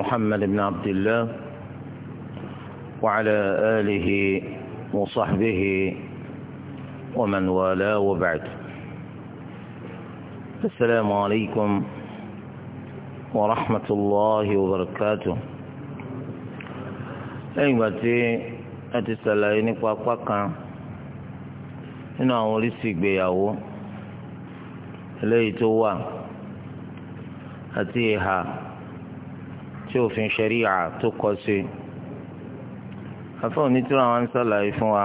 محمد بن عبد الله وعلى آله وصحبه ومن والاه وبعد السلام عليكم ورحمة الله وبركاته أيوة أتي سلايني قاقا nínú àwọn oríṣi ìgbéyàwó eléyìí tó wà àti ìhà tí òfin ṣẹ̀ríà tó kọ sí i afọ onítúrọ àwọn sọlàyé fún wa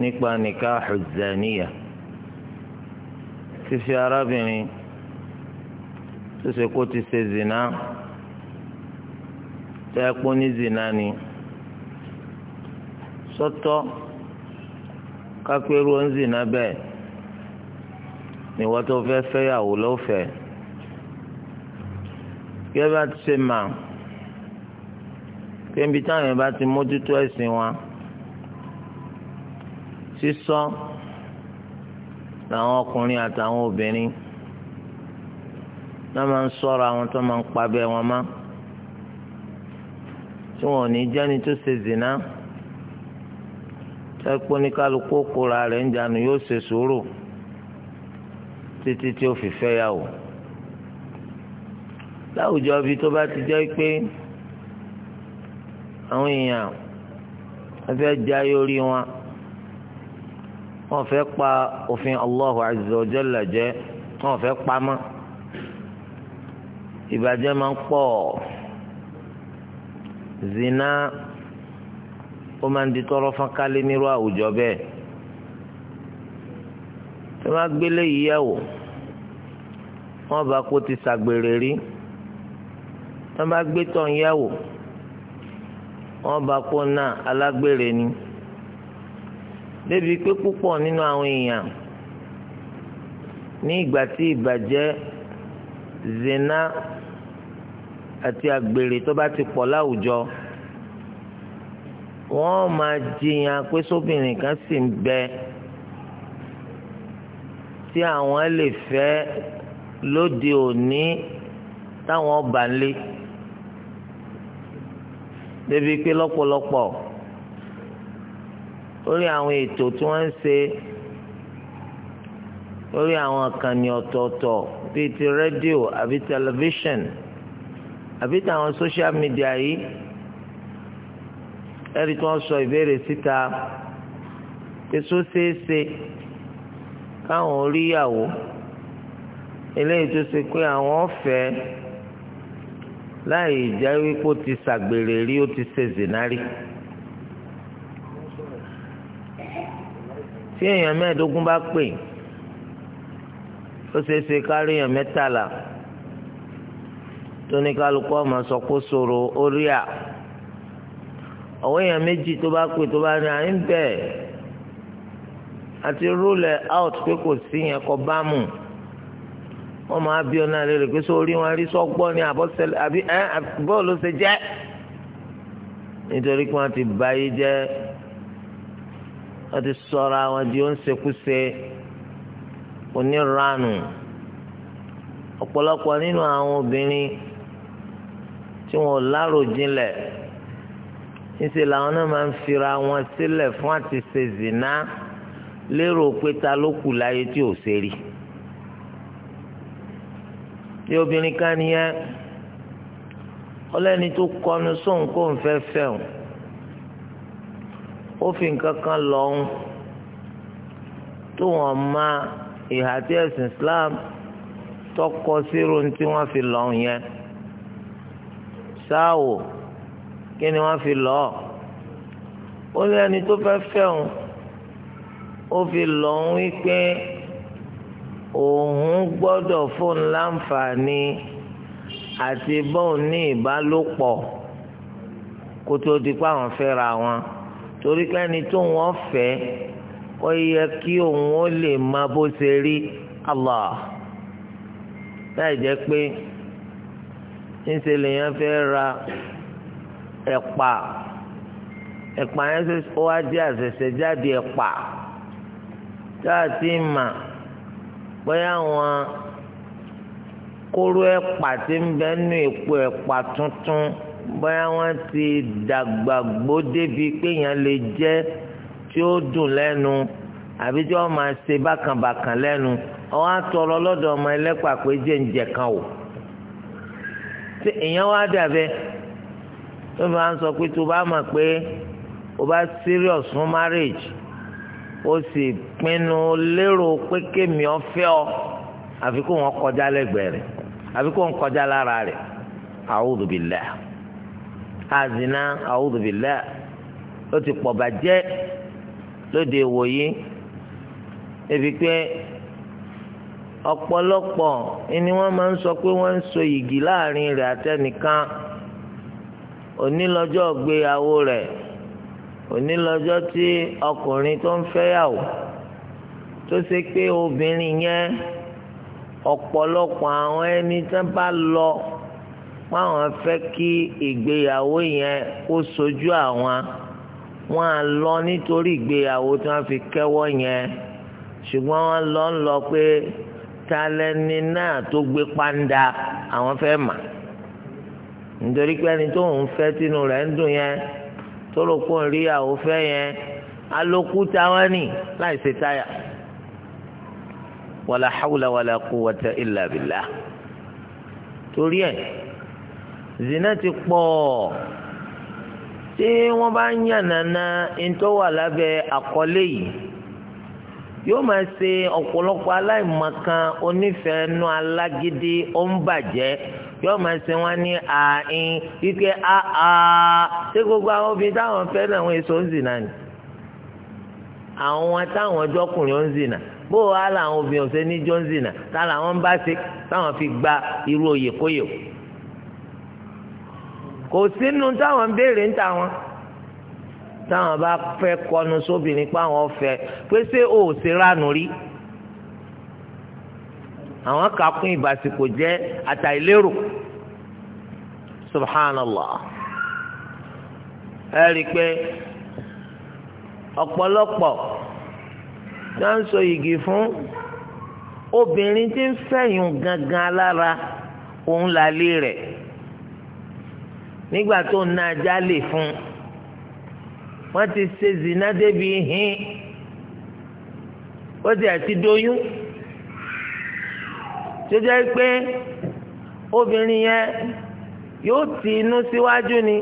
nípa nìkáhù zàníyà fífi arábìnrin tó ṣe kó ti ṣe zina tẹ́ pọ́ ní zina ni sọ́tọ́ kápẹ́rù ń zina bẹ́ẹ̀ ni wọ́n tó fẹ́ fẹ́yàwó lọ́fẹ̀ẹ́ gẹ́gẹ́ bá ti ṣe mà kébi táwọn yẹn bá ti mójútó ẹ̀sìn wọn sísọ làwọn ọkùnrin àtàwọn obìnrin náà máa ń sọ̀rọ̀ àwọn tó máa ń pabẹ́ wọn má tí wọn ò ní jẹ́ni tó ṣe zìnà tẹ́pọ́ ní kálukú kóra rẹ̀ ń jánu yóò ṣe sùúrù títí tí ó fi fẹ́ yà wò láwùjọ bíi tó bá ti jẹ́ pé àwọn èèyàn wọ́n fẹ́ jayé orí wọn wọ́n fẹ́ pa òfin Allahu azza wa jalla jẹ wọ́n fẹ́ pamọ́ ìbàjẹ́ máa ń pọ̀ zina ó máa ń di tọrọ fọ́nkálé nírú àwùjọ bẹ́ẹ̀ tí wọ́n á gbélé yìí yẹ̀ wọ́n bá kó ti ṣàgbèrè rí wọ́n bá gbé tọ̀ ń yẹ̀wò wọ́n bá kó náà alágbèrè ni débi pé púpọ̀ nínú àwọn èèyàn ní ìgbà tí ìbàjẹ́ zina àti àgbèrè tó bá ti pọ̀ láwùjọ wọ́n máa jiyàn pé sóbìnrin kan sì ń bẹ tí àwọn lè fẹ́ lóde òní táwọn bá ń lé débi pé lọ́pọ̀lọpọ̀ lórí àwọn ètò tí wọ́n ń ṣe lórí àwọn àkànní ọ̀tọ̀ọ̀tọ̀ bíi ti rédíò àbí tẹlifíṣàn àbí táwọn sóṣíà mídíà yìí ẹ̀rí tí wọ́n sọ ìbéèrè síta èso ṣeéṣe káwọn oríyàwó eléyìí tó ṣe pé àwọn ọ̀fẹ́ láì jẹ́ wípé ó ti ṣàgbèrè rí ó ti ṣe zìnárì. tí èèyàn mẹ́ẹ̀ẹ́dógún bá pè ó ṣeé ṣe kárí èèyàn mẹ́tàlá tó ní kálukú ọmọ sọ kó sòrò ó à ọ̀wọ́ èèyàn méjì tó bá pè tó bá ní à ń bẹ̀ àti rúlẹ̀ out pé kò sí yẹn kọ bá mú un wọ́n máa bí ọ náà lérè pé sórí wọn rí sọ́gbọ́n ní àbọ̀sẹ̀lẹ̀ àbí ẹ́ bọ́ọ̀lù ṣe jẹ́ nítorí pé wọ́n ti bà yí jẹ́ wọ́n ti sọ̀rọ̀ àwọn di ó ń ṣekúṣe oníranù ọ̀pọ̀lọpọ̀ nínú àwọn obìnrin tí wọn ò láròjinlẹ̀ níṣẹ́ làwọn náà máa ń fira wọn sílẹ̀ fún àti ṣe zìnà lérò pé ta ló kù láyé tí ò ṣe rí ní obìnrin kan nìyẹn ọlẹ́ni tó kọnu sóhun kó ń fẹ́ fẹ́ o ó fi nǹkan kan lọ ń tó wọn ma ìhà tí ẹ̀sìn Islam tọkọ síro tí wọ́n fi lọ yẹn ṣáàwò kí ni wọ́n fi lọ ó lẹ́ni tó fẹ́ fẹ́ o ó fi lọ ń wí pé òun gbọ́dọ̀ fún láǹfààní àti bọ́ọ̀n ní ìbálòpọ̀ kó tó di pa àwọn fẹ́ra wọn torí kẹ́ni tó wọ́n fẹ́ ó yẹ kí òun ó lè má bó ṣe rí Allah láì jẹ́ pé ńṣe lèèyàn fẹ́ ra ẹ̀pà ẹ̀pà yẹn ó wá jẹ́ àṣẹ̀ṣẹ̀ jáde ẹ̀pà tá a ti mà bóyá àwọn kóró ẹ̀pà tí ń bẹ nínú èpo ẹ̀pà tuntun bóyá wọ́n ti dàgbà gbó débi pé èèyàn lè jẹ tí ó dùn lẹ́nu àbí tí wọ́n máa ṣe bákànbàkàn lẹ́nu ọwọ́ àtọrọ lọ́dọ̀ ọmọ ẹlẹ́pà pé jẹ́ǹjẹ̀ kan o tí èèyàn wá dàbẹ́ tó máa ń sọ pé tó bá mọ̀ pé o bá serious fún marriage o sì pinnu lérò pé kémi ọ̀fẹ́ ọ àfi kó wọn kọjá lẹ́gbẹ̀ẹ́ rẹ̀ àfi kó wọn kọjá lára rẹ̀ a'udhu billah azina a'udhu billah ó ti pọ̀ bàjẹ́ lóde ìwòyí ebi pé ọ̀pọ̀lọpọ̀ ni wọ́n máa ń sọ pé wọ́n ń so yìgì láàrin rẹ̀ àtẹnìkan onílọ́jọ́ gbéyàwó rẹ̀ onílọ́jọ́ tí ọkùnrin tó ń fẹ́yàwó tó ṣe pé obìnrin yẹn ọ̀pọ̀lọpọ̀ àwọn ẹni tó bá lọ wọ́n fẹ́ kí ìgbéyàwó yẹn kó sojú àwọn wọ́n á lọ nítorí ìgbéyàwó tí wọ́n fi kẹ́wọ́ yẹn ṣùgbọ́n wọ́n lọ ń lọ pé talẹ́ni náà tó gbé pàǹdà àwọn fẹ́ mà nítorí pé ẹni tó ń fẹ́ tínú rẹ̀ ń dùn yẹn tó rò pé òun rí ìyàwó fẹ́ yẹn alókúta wọn nì láì ṣe táyà wàlà hawla wàlà quwwata illa billah torí ẹ̀ zina ti pọ̀ tí wọ́n bá ń yànnàna ntọ́ wà lábẹ́ àkọlé yìí yóò máa ṣe ọ̀pọ̀lọpọ̀ aláìmọ̀kan onífẹ̀ẹ́nu alágídí ọ̀nbàjẹ́ yóò máa ṣe wọ́n ní ààín wípé àà ṣé gbogbo àwọn obìnrin táwọn fẹ́ náà wọ́n èso ń zìnà ni àwọn táwọn ọjọ́kùnrin ń zìnà bó wàá làwọn obìnrin ọ̀sẹ̀ ní johnson tá làwọn ń bá ṣe táwọn fi gba irú oyè kóyò kò sínú táwọn ń béèrè ń ta wọn táwọn bá fẹ́ kọnu sóbìnrin páwọn fẹ́ pé ṣé o ò ṣe ránu rí àwọn kakún ìbásíkò jẹ́ àtàìlérò subhanallah ẹ rí i pé ọ̀pọ̀lọpọ̀ tá à ń sọ igi fún obìnrin tí ń fẹ̀yìn gangan lára òun lálé rẹ̀ nígbà tó ń na ajá lè fún wọ́n ti ṣe zina débi hín ó ti àti doyún tó jẹ́ pé obìnrin yẹn yóò ti inú síwájú ni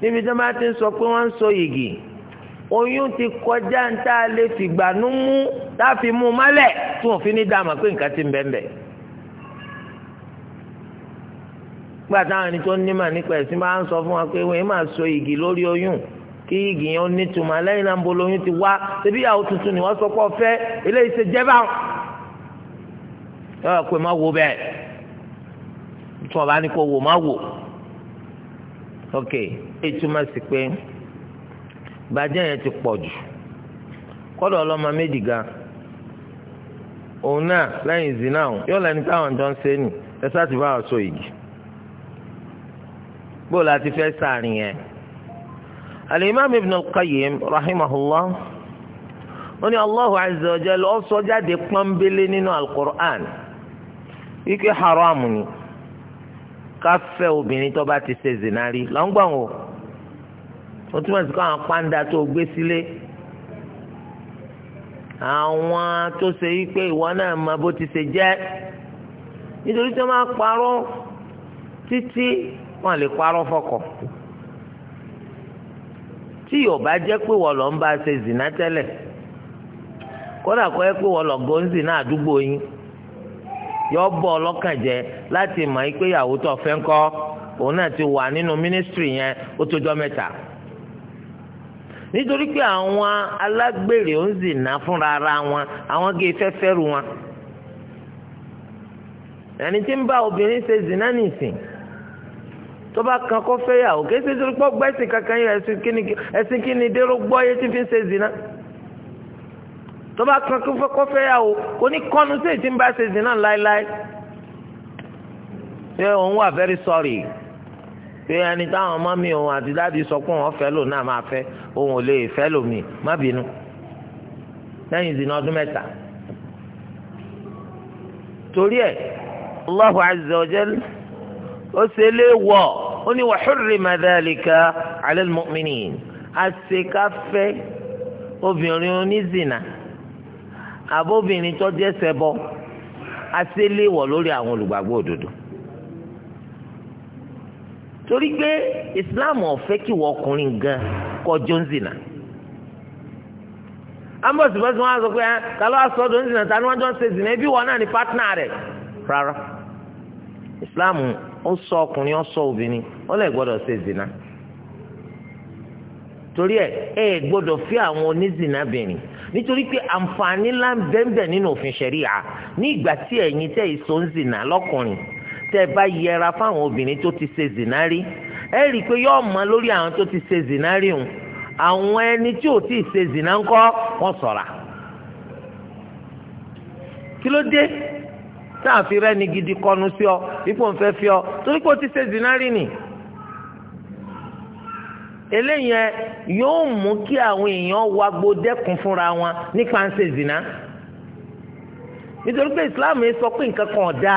níbi tí wọ́n bá ti ń sọ pé wọ́n ń sọ yìgì. So oyún ti kọjá ń tá a lè fìgbànú mú tá a fi mú un mọ́lẹ̀ tí wọ́n fi ní dààmú pé nǹkan ti ń bẹ́ẹ̀ bẹ́ẹ̀. nígbà táwọn ẹni tó ní mà nípa ẹ̀sìn máa ń sọ fún wa pé wọ́n máa so igi lórí oyún kí igi yẹn ó nítumọ̀ lẹ́yìn náà ń bo lóyún ti wá ṣebí ìyàwó tuntun ni wọ́n sọ pé ọ̀fẹ́ eléyìí ṣe jẹ́ báwọn. yọ̀ọ́ pé má wo bẹ́ẹ̀ tí wọ́n bá ní kó wò má wò. ok ètùmọ̀ sí pé bàjẹ́ yẹn ti pọ̀ jù kọ́dọ̀ ọlọ́mọ méjì gan òun náà lẹ́yìn zina òun yóò lẹ́ni táwọn jọ ń ṣe nì ẹ sá ti bá wọn so yìí bó la ti sàárín yẹn. alimami ibn al-qayyim rahimahullah wọ́n ní allahu azza wa jalla ó sọ jáde pọ́nbélé nínú al-Qur'an wípé haram ni ká fẹ́ obìnrin tó bá ti ṣe zinari, rí lọ́ngbọ̀n o. ó túmọ̀ sí kó àwọn pàǹdà tó gbé sílé àwọn tó ṣe wípé ìwọ náà mọ bó ti ṣe titi nítorí tí wọ́n máa parọ́ títí wọ́n lè parọ́ fọkọ̀ tí yóò bá pé lọ ń bá ṣe zìnà tẹ́lẹ̀ kódà kó yẹ pé wọ́n lọ yọ láti pé ìyàwó tó ń ti wà nínú mínísítírì yẹn ó tó jọ́ nítorí pé àwọn alágbèrè ń zìnà fúnra ara wọn àwọn gé fẹ́fẹ́ ru wọn ẹni tí ń bá obìnrin ṣe zìnà nìsín tó bá kan kó fẹ́ kí ẹsẹ̀ torí pọ́ gbẹ́sìn kankan yìí ẹ̀sìn kí ni dérò gbọ́ yé tí fi ń ṣe zìnà tó bá kan kó fẹ́ kò ní kọ́nu sí èyí tí ń bá ṣe zìnà láéláé ṣé òun wà very sorry pé ẹni táwọn ọmọ mi òun àti dáàdi sọ pé òun fẹ́ lò náà máa fẹ́ òun ò lè fẹ́ lò mí má bínú lẹ́yìn ìdìnnà ọdún mẹ́ta torí ẹ̀ Allahu azza wa jal ó ṣe lé wọ̀ ó ní wa hurrima dhalika àṣekáfẹ́ obìnrin onízìnà àbóbìnrin tó jẹ́ ṣẹbọ àṣeléwọ̀ lórí àwọn olùgbàgbọ́ òdodo. torí pé islam ọ̀fẹ́ kí wọ́n ọkùnrin gan kọjọ́ ń wọn sọ pé ah, ta ló sọ ni wọ́n jọ ń ṣe zìnà náà ni pátánà rẹ̀ rárá islam ó sọ ọkùnrin ó sọ obìnrin ó lè gbọ́dọ̀ ṣe zìnà torí ẹ ẹ fi àwọn nítorí pé àǹfààní ńlá ń bẹ́ẹ̀ bẹ́ẹ̀ nínú òfin ṣẹ̀ríà tẹ́ ẹ bá yẹra fáwọn obìnrin tó ti ṣe zinari ẹ rí i pé yóò mọ lórí àwọn tó ti ṣe zinari hùn àwọn ẹni tí ò tí ì ṣe zina ńkọ́ wọ́n ṣọ́ra kí ló dé tá a fi rẹ́ni gidi kọnu sí ọ ipò ń fẹ́ fi ọ torí pé o ti ṣe zina rí nì yóò mú kí àwọn èèyàn wagbo dẹ́kun fúnra wọn nípa ń ṣe zina nítorí pé Islam sọ pé nǹkan kan ọ̀dà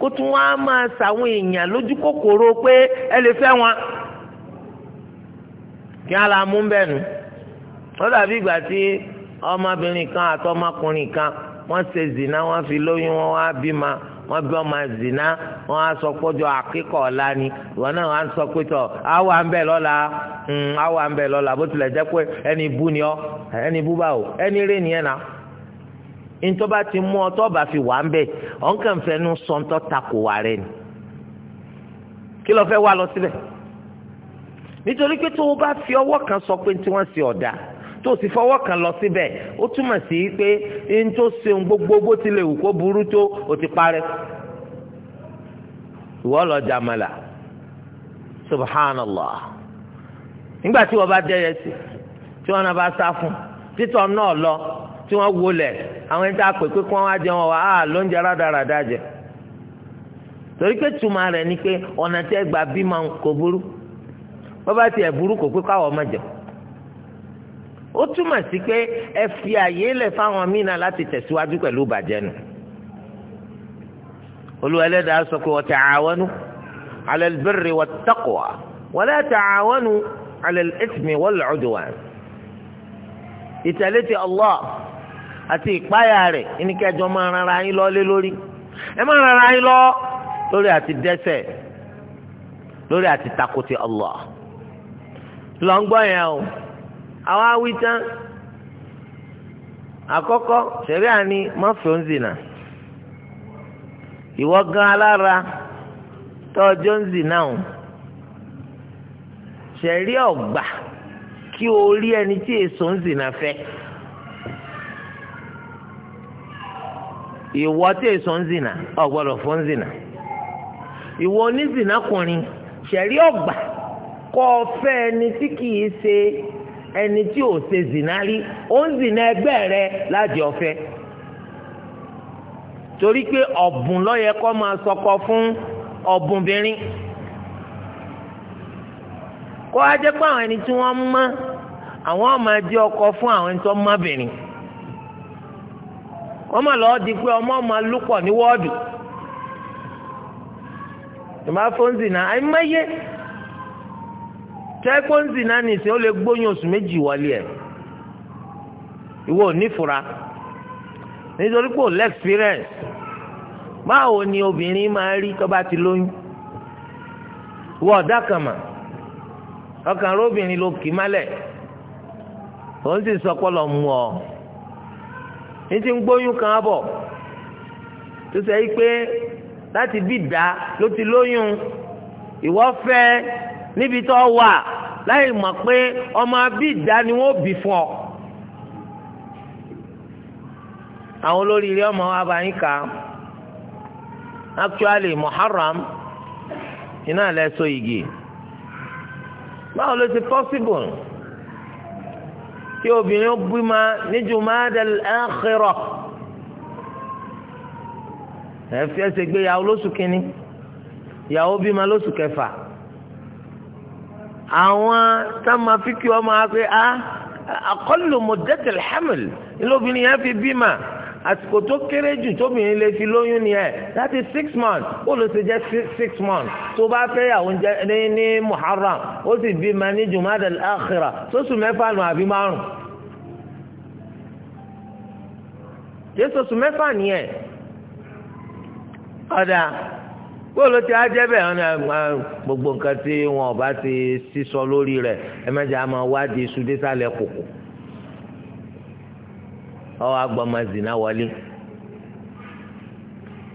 kó tún wá máa ṣàwọn èèyàn lójú kòkòrò pé ẹ lè fẹ́ wọn kí á la mú bẹ́ẹ̀ nu ó dàbí ìgbà tí ọmọbìnrin kan àtọmọkùnrin kan wọ́n ṣe zina wọ́n fi lóyún wọ́n wá bímọ wọ́n bí ọmọ zina wọ́n á sọ pé ọjọ́ àkíkọ̀ ọ̀la ni ìwọ náà wọ́n á sọ pé tọ̀ àwa ń bẹ̀ lọ́la àwa hmm, ń bẹ̀ lọ́la bó tilẹ̀ jẹ́ pé ẹni bú ni ọ ẹni bú bá o ẹni rè ni ẹ̀ náà ntọ́ba ti mú ọ tọ́ba fi wà ń bẹ̀ ọ̀n kàn fẹ́ nu takò wà rẹ̀ ni kí lọ́ọ́ fẹ́ wa lọ síbẹ̀ nítorí pé tó o bá fi ọwọ́ kan sọ pé tí wọ́n ṣe ọ̀dà tó o sì fọwọ́ kan lọ síbẹ̀ ó túmọ̀ sí pé n tó gbogbo bó tilẹ̀ wù kó burú tó o ti parẹ́ lọ subhanallah nígbà tí wọ́n bá sí tí wọ́n náà bá sá fún tí wọ́n wọlé àwọn ẹni tá a pè pé kí wọ́n wá jẹun ọ̀wá á ah, ló ń jẹ rádaràda jẹ torí pé tuma rẹ̀ ni pé ọ̀nà tẹ́ gbà bí máa kò burú wọ́n bá tiẹ̀ burú kò pé káwọ́ má jẹun ó túmọ̀ sí pé ẹ fi àyè lẹ̀ fáwọn míì láti tẹ̀síwájú pẹ̀lú ìbàjẹ́ nù olú ẹlẹ́dàá sọ pé wa ta'awanu 'ala al-birri wat-taqwa wa la ta'awanu 'ala al-ithmi wal-'udwan àti ìpáyà rẹ̀ ìníkẹjọ máa rara yín lọ lé lórí ẹ máa rara yín lọ lórí àti dẹ́ṣẹ̀ lórí àti takoti Allah lọ ń gbọ́ yẹn o àwa wí tán àkọ́kọ́ sẹ̀rí àní má fẹ́ ń zìnà ìwọ gan alára tọ́jọ́ ń zìnà o ọ̀gbà kí o rí ẹni tí èso ń zìnà fẹ́. ìwọ tí èso ń zìnà ọ̀gbọ́dọ̀ fún ń zìnà ìwọ onízìnàkùnrin ṣẹ̀rí ọ̀gbà kọ́ ọ fẹ́ ẹni tí kìí ṣe ẹni tí ò ṣe zìnà rí ó ń zìnà ẹgbẹ́ rẹ láti ọ̀fẹ́ torí pé ọ̀bùn lọ́yẹ kọ́ máa sọkọ fún ọ̀bùnbìnrin kó á pé àwọn ẹni tí wọ́n mọ́ àwọn máa jẹ́ ọkọ fún àwọn ẹni tó mọ́bìnrin. wọ́n mà lọ́ọ́ di pé ọmọ ọmọ lúpọ̀ ní wọ́ọ̀dù tòmá fóńzì náà àyè mẹ́yẹ tẹ́ fóńzì náà nìsín ó lè gbóyún oṣù méjì wọlé ẹ̀ ìwọ ò nífura nítorí pé ò báwo ni obìnrin máa rí tó bá ti lóyún ọ̀dà kan mà ọkàn rẹ ọ. ní ti ń gbóyún kan bọ̀ tó sẹ́ yìí pé láti bí dá ló ti lóyún ìwọ fẹ́ níbi tó wà láì mọ̀ pé ọmọ bí dá ni wọ́n bí fún ọ. àwọn olórí ilé ọmọ wa bá yín kà actually Muharram iná lẹ so igi báwo ló ti possible kí obìnrin bímọ ní Jumadal Akhirah ẹ fi ẹsẹ̀ gbé yàwó lóṣù kínní yàwó bímọ lóṣù kẹfà àwọn tá a máa fi kí ọ máa pé a ah, aqallu muddatil haml ilé obìnrin yẹn fi bímọ àsìkò tó kéré jù tóbìnrin lè fi lóyún ni ẹ̀ that is six months ó ló ṣe jẹ́ six months tó bá fẹ́ yàwó ní ní muharram ó sì bímọ ní jumada al-akhira sóṣù mẹ́fà nù àbí márùn. jésù oṣù mẹ́fà nìyẹn ọ̀dà bóòlù tí a jẹ́ bẹ́ẹ̀ ọ́n gbogbo nǹkan tí wọn ò bá ti sísọ lórí rẹ̀ ẹ má jẹ́ àmọ́ wádìí sùdésàlẹ̀ kòkò ọwọ agbọmọ zina wọlé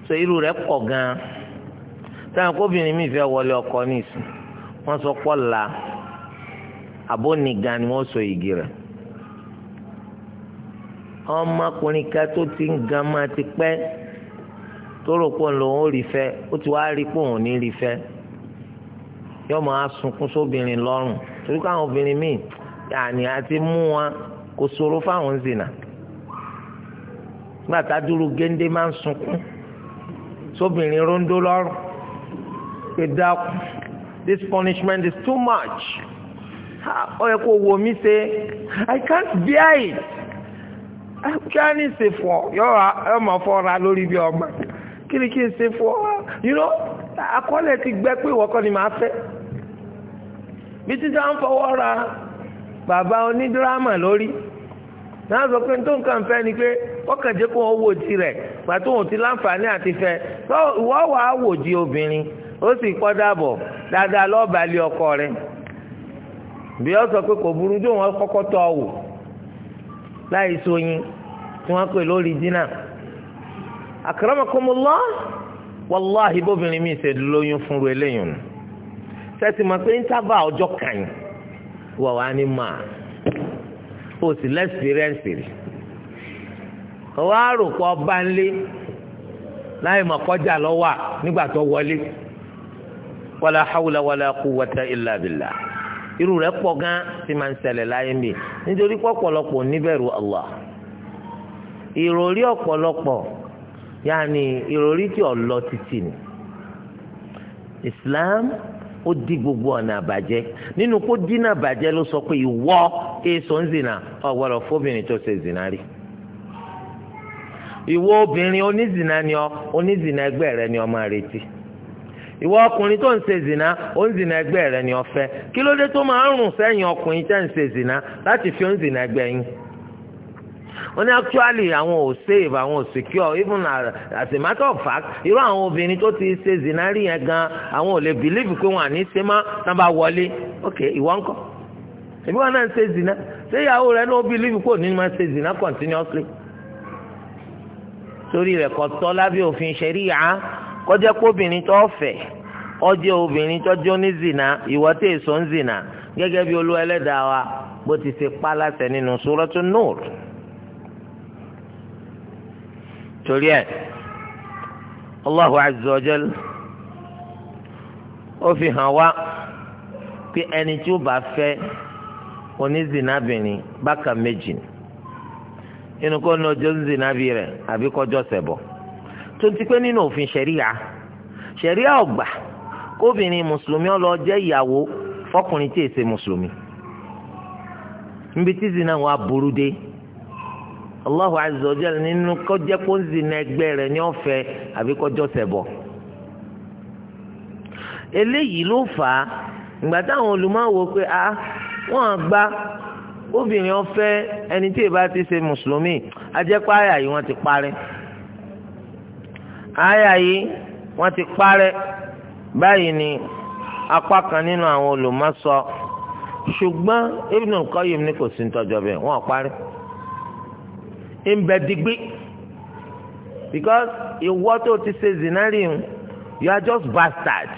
so irú rẹ̀ pọ̀ gan táwọn kóbìnrin mi fẹ́ wọlé ọkọ nísìn wọ́n sọ pọlá abónigan ni wọ́n sọ igi rẹ̀ ọmọkùnrin ká tó ti ń gan máa ti pẹ́ tó rò pé òun ò rí fẹ́ ó ti wá rí pé òun ní rí fẹ́ yóò máa sunkún sóbìnrin lọ́rùn torí káwọn obìnrin míì yàní àti mú wọn kò ṣòro fáwọn zina gbàtà dúró géńdé máa ń sunkún sóbìnrin rondó lọ́rùn pé dákun this punishment is too much ọ yẹ kó wo mi ṣe i can't bear it kí á ní ṣe fọ yọ ọmọ fọra lórí bí ọmọ kí ni kí n ṣe fọ you know akọ́lẹ̀ ti gbẹ́ pé ìwọ kọ́ ni màá fẹ́ bí títí à ń fọwọ́ ra bàbá onídírámà lórí. na sọ pé tó nǹkan fẹ́ ni pé ọkàn jẹ́ kó wọ́n wò ti rẹ̀ pàtó ti láǹfààní àti fẹ́ ìwọ́ wà á wò di obìnrin ó sì kọ́ dàbọ̀ dáadáa lọ́ọ̀bà lé ọkọ rẹ̀ bí ọ sọ pé kò burú jó wọn kọ́kọ́ tọ́ ọ wò láì sóyin tí wọ́n pè lórí dínà akramakumullah wàláhì bóbìnrin mi ṣe lóyún fúnru eléyìí nù sẹ́tìmọ̀ pé ń tábà ọjọ́ kàn wọ̀ wá ní o sì lẹ́sìrẹ́sì rẹ̀ ọwọ́ àròpọ̀ ọba ńlẹ̀ láì mọ̀ kọjá lọ́wọ́ nígbà tó wọlé wàlá hawla wàlá quwwata illa irú rẹ̀ pọ̀ gan ti máa ń ṣẹlẹ̀ láyé mi nítorí pọ̀pọ̀lọpọ̀ níbẹ̀rù Allah ìròrí ọ̀pọ̀lọpọ̀ yáà ní ìròrí tí ò lọ ni Islam ó di gbogbo ọ̀nà àbàjẹ́ nínú kó dínà àbàjẹ́ ló sọ pé ìwọ èso ń zìnà ọ̀gbọ́dọ̀ fóbìnrin tó ṣe zìnà rí ìwọ obìnrin onízìnà ni ọ rẹ ni ọ máa retí ìwọ ọkùnrin tó ń ṣe zìnà rẹ ni ọ fẹ́ kí ló dé tó máa ń rùn sẹ́yìn ọkùnrin tẹ́ ń ṣe zìnà láti fi ó ń zìnà ẹgbẹ́ wọ́n ní actually àwọn ò save àwọn ò secure even as a matter of fact irú àwọn obìnrin tó ti ṣe zinari yẹn gan àwọn ò lè believe pé wọ́n à ní ṣe má tán bá wọlé ok ìwọ ń kọ́ ìbí wọn náà ń ṣe zina ṣé ìyàwó rẹ náà believe pé òní máa ṣe zina continuously torí rẹ̀ kò tọ́ lábẹ́ òfin ṣẹ̀ríyà kọjá kóbìnrin tó fẹ́ ọjọ́ obìnrin tó jó ní zina ìwọ tí èso ń zina gẹ́gẹ́ bí olú ẹlẹ́dàá wa bó ti ṣe pa láṣẹ nínú Suratu Nur. torí ẹ̀ Allahu azza ó fi hàn wá pé ẹni tí ó bá fẹ́ onízìnàbìnrin bákan méjì nínú kó ní ọjọ́ ńzìnàbì rẹ̀ àbí kọjọ́ sẹ̀bọ̀ tó ti pé nínú òfin ṣẹ̀ríà ṣẹ̀ríà ọ̀gbà kóbìnrin mùsùlùmí ìyàwó fọkùnrin tí èsè mùsùlùmí níbi tí zina wà burú Allahu azza wa jalla nínú kọjá kó ń zina ẹgbẹ́ rẹ̀ ní ọ̀fẹ́ àbí kọjọ́ sẹ̀bọ̀ eléyìí ló fà á ìgbà táwọn olùmọ̀wò pé a ah, wọ́n gba obìnrin ọ̀fẹ́ ẹni tí ìbá ti ṣe mùsùlùmí ajẹ́pẹ́ àyà yìí wọ́n ti parẹ́ àyà yìí wọ́n ti parẹ́ báyìí ni apá kan nínú àwọn olùmọ̀ ṣùgbọ́n Ibn al-Qayyim ní kò sí ní tọ́jọ́ bẹ́ẹ̀ wọ́n parẹ́ ń bẹ digbí because ìwọ tó ti ṣe zinari ń you are just bastard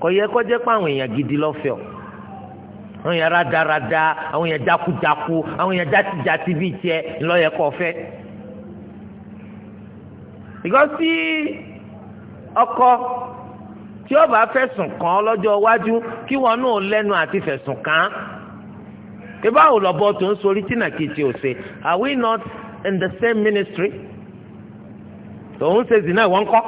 kò yẹ kó jẹ́ pé àwọn èèyàn gidi lọ́fẹ̀ọ́ àwọn èèyàn rádaràda àwọn èèyàn jákujáku àwọn èèyàn játijàti bíi tiẹ̀ ńlọ́yẹ kọ́ fẹ́ because tí ọkọ tí ó bá fẹ̀sùn kàn lọ́jọ́ iwájú kí wọn náà lẹ́nu àti fẹ̀sùn kàn án ìbáwò lọ́bọ̀ tó ń sori tí nàkejì ò ṣe are we not in the same ministry tòun ṣe zina ìwọ́n kọ́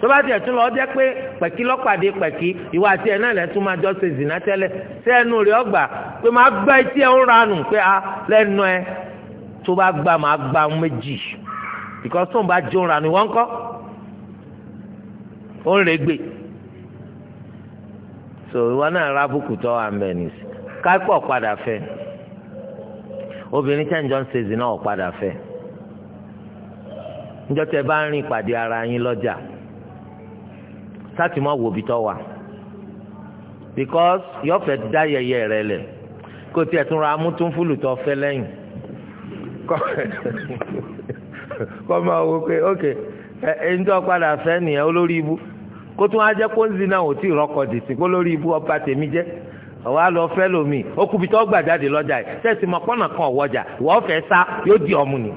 tó bá tiẹ̀ tún lọ jẹ́ pé pẹ̀kí lọ́pàdé pẹ̀kí ìwà àti ẹ̀ náà lẹ́ tún máa jọ ṣe zina tẹ́lẹ̀ sẹ́nu rẹ̀ ọgbà pé máa gbá etí ẹ̀ ń ranù pé a ah, lẹ́nu ẹ̀ tó bá gbà máa gbà méjì because tóun bá jó ranù ìwọ́n kọ́ ó ń rẹ̀ gbé so ìwọ náà rábùkù tó wà ń nìsí. kápẹ́ ọ̀padà fẹ́ obìnrin tẹ́ǹjọ́ ń ṣe zina ọ̀padà fẹ́ níjọ́ tẹ́ bá ń rìn ara yín lọ́jà sátìmọ́ tọ́ because fẹ́ dá yẹyẹ rẹ lẹ̀ kó tiẹ̀ tún ra amútúnfúlù fẹ́ lẹ́yìn kọ́ máa wo pé ok fẹ́ nìyẹn olórí kó tún á jẹ́ kó ń ọwọ́ àlọ́ fẹ́ lomi okùnbi tó gbà jáde lọ́jà yìí tẹ̀sí mọ́ pọ́nà kan ọ̀wọ́jà wọ́n fẹ́ sá yóò di ọmú ni.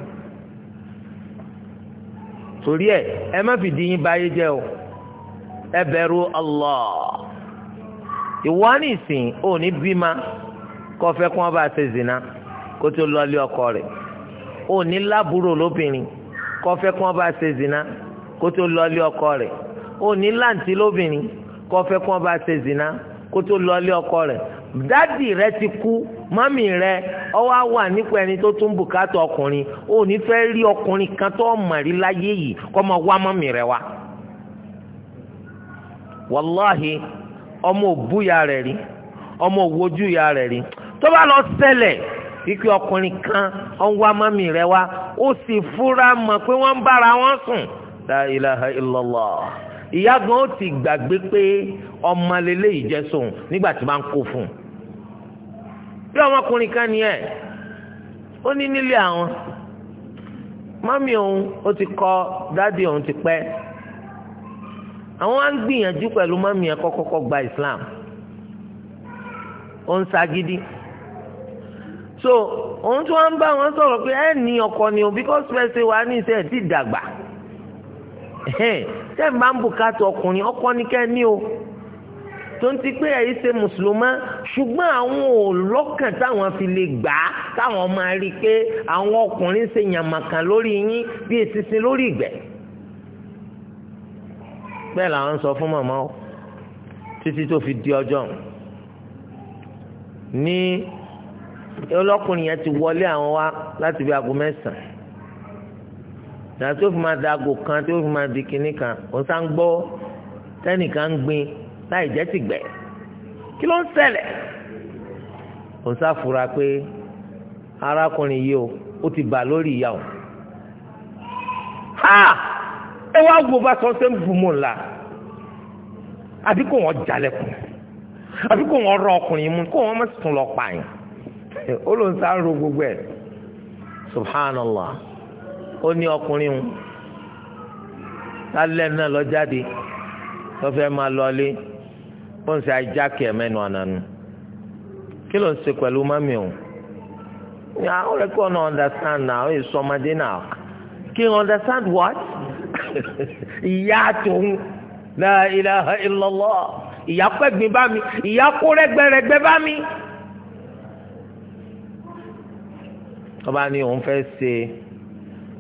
torí ẹ ẹ má fìdí yín báyé jẹ o ẹ bẹ̀rù Allah ìwọ nìsín ò ní bímá kọ́ fẹ́ kí wọ́n bá ṣe zina kó tó lọ́ọ́lé ọkọ rẹ̀ ò ní lábúrò lóbìnrin kọ́ fẹ́ kí wọ́n bá ṣe zina kó tó lọ́ọ́lé ọkọ rẹ̀ ò ní láǹtí lóbìnrin kọ́ fẹ́ kí bá ṣe zina kó tó lọ ilé ọkọ rẹ dádì rẹ ti kú mami rẹ ọwọ́ á wà nípò ẹni tó tún bùkátà ọkùnrin ò ní fẹ́ rí ọkùnrin kan tó mọ̀ rí láyé yìí kó mọ wá mami rẹ wá. wàláhì ọmọ òbúya rẹ rí ọmọ òwòjúya rẹ rí tó bá lọ ṣẹlẹ̀ ikú ọkùnrin kan ó ń wá mọ́mì rẹ wá ó sì fúra mọ̀ pé wọ́n bára wọn sùn. la ilaha illallah. ìyá gan ó ti gbàgbé pé ọmọ lélẹ́ yìí jẹ́ sóun nígbà tí wọ́n kó fún un bí ọmọkùnrin kan ni ẹ̀ ó ní nílé àwọn mọ́mí òun ó ti kọ dádì òun ti pẹ́ àwọn á ń gbìyànjú pẹ̀lú mọ́mí ẹ̀ kọ́kọ́kọ́ gba Islam ó ń ṣagídí so òun tí wọ́n ń bá wọn sọ̀rọ̀ pé ẹ̀ ní ọkọ ni o because pẹ̀sẹ̀ wa ní ìṣe ẹ̀ ti dàgbà tẹ́ ẹ̀ máa ń bùkátà ọkùnrin ọkọ ní kẹ́ ní o tó ń ti pé ẹ̀yin ṣe mùsùlùmá ṣùgbọ́n àwọn ò lọ́kàn táwọn fi lè gbà á táwọn máa rí i pé àwọn ọkùnrin ṣe yàmàkàn lórí yín bí eṣinṣin lórí ìgbẹ́ bẹ́ẹ̀ làwọn ń sọ fún màmá o títí tó fi di ọjọ́ ní ọlọ́kùnrin yẹn ti wọlé àwọn wá láti bí aago mẹ́sàn-án tàbí tó fi máa da àgò kan tó fi máa di kinní kan òun sá ń gbọ́ tẹ́nìkan ń gbin láì jẹ́ tìgbẹ́ kí ló ń ṣẹlẹ̀ òun sá fura pé arákùnrin yìí ó ti bà lórí ìyá o ha ẹ wá wo bá sọ ṣe ń bu mọ́ la àbí kò wọ́n jalẹ̀kùn àbí kò wọ́n rọ ọkùnrin mu kò wọ́n má sùn lọ pààyàn ó ló ń sá ro gbogbo ẹ̀ subhanallah ó ní ọkùnrin òun lálẹ́ náà lọ jáde lọ́fẹ́ máa lọlé ó ń ṣe ajáke ẹ̀mẹ́nu ànánu kí ló ń ṣe pẹ̀lú mami òun ya ó rẹ kí ọ̀nà understand náà ó yẹ sọmadé náà kí n understand what ìyá tòun la ilaha illallah ìyá pẹ́gbin bá mi ìyá kó rẹ́gbẹ́rẹ́gbẹ́ bá mi. ọba ni òun fẹ́ ṣe.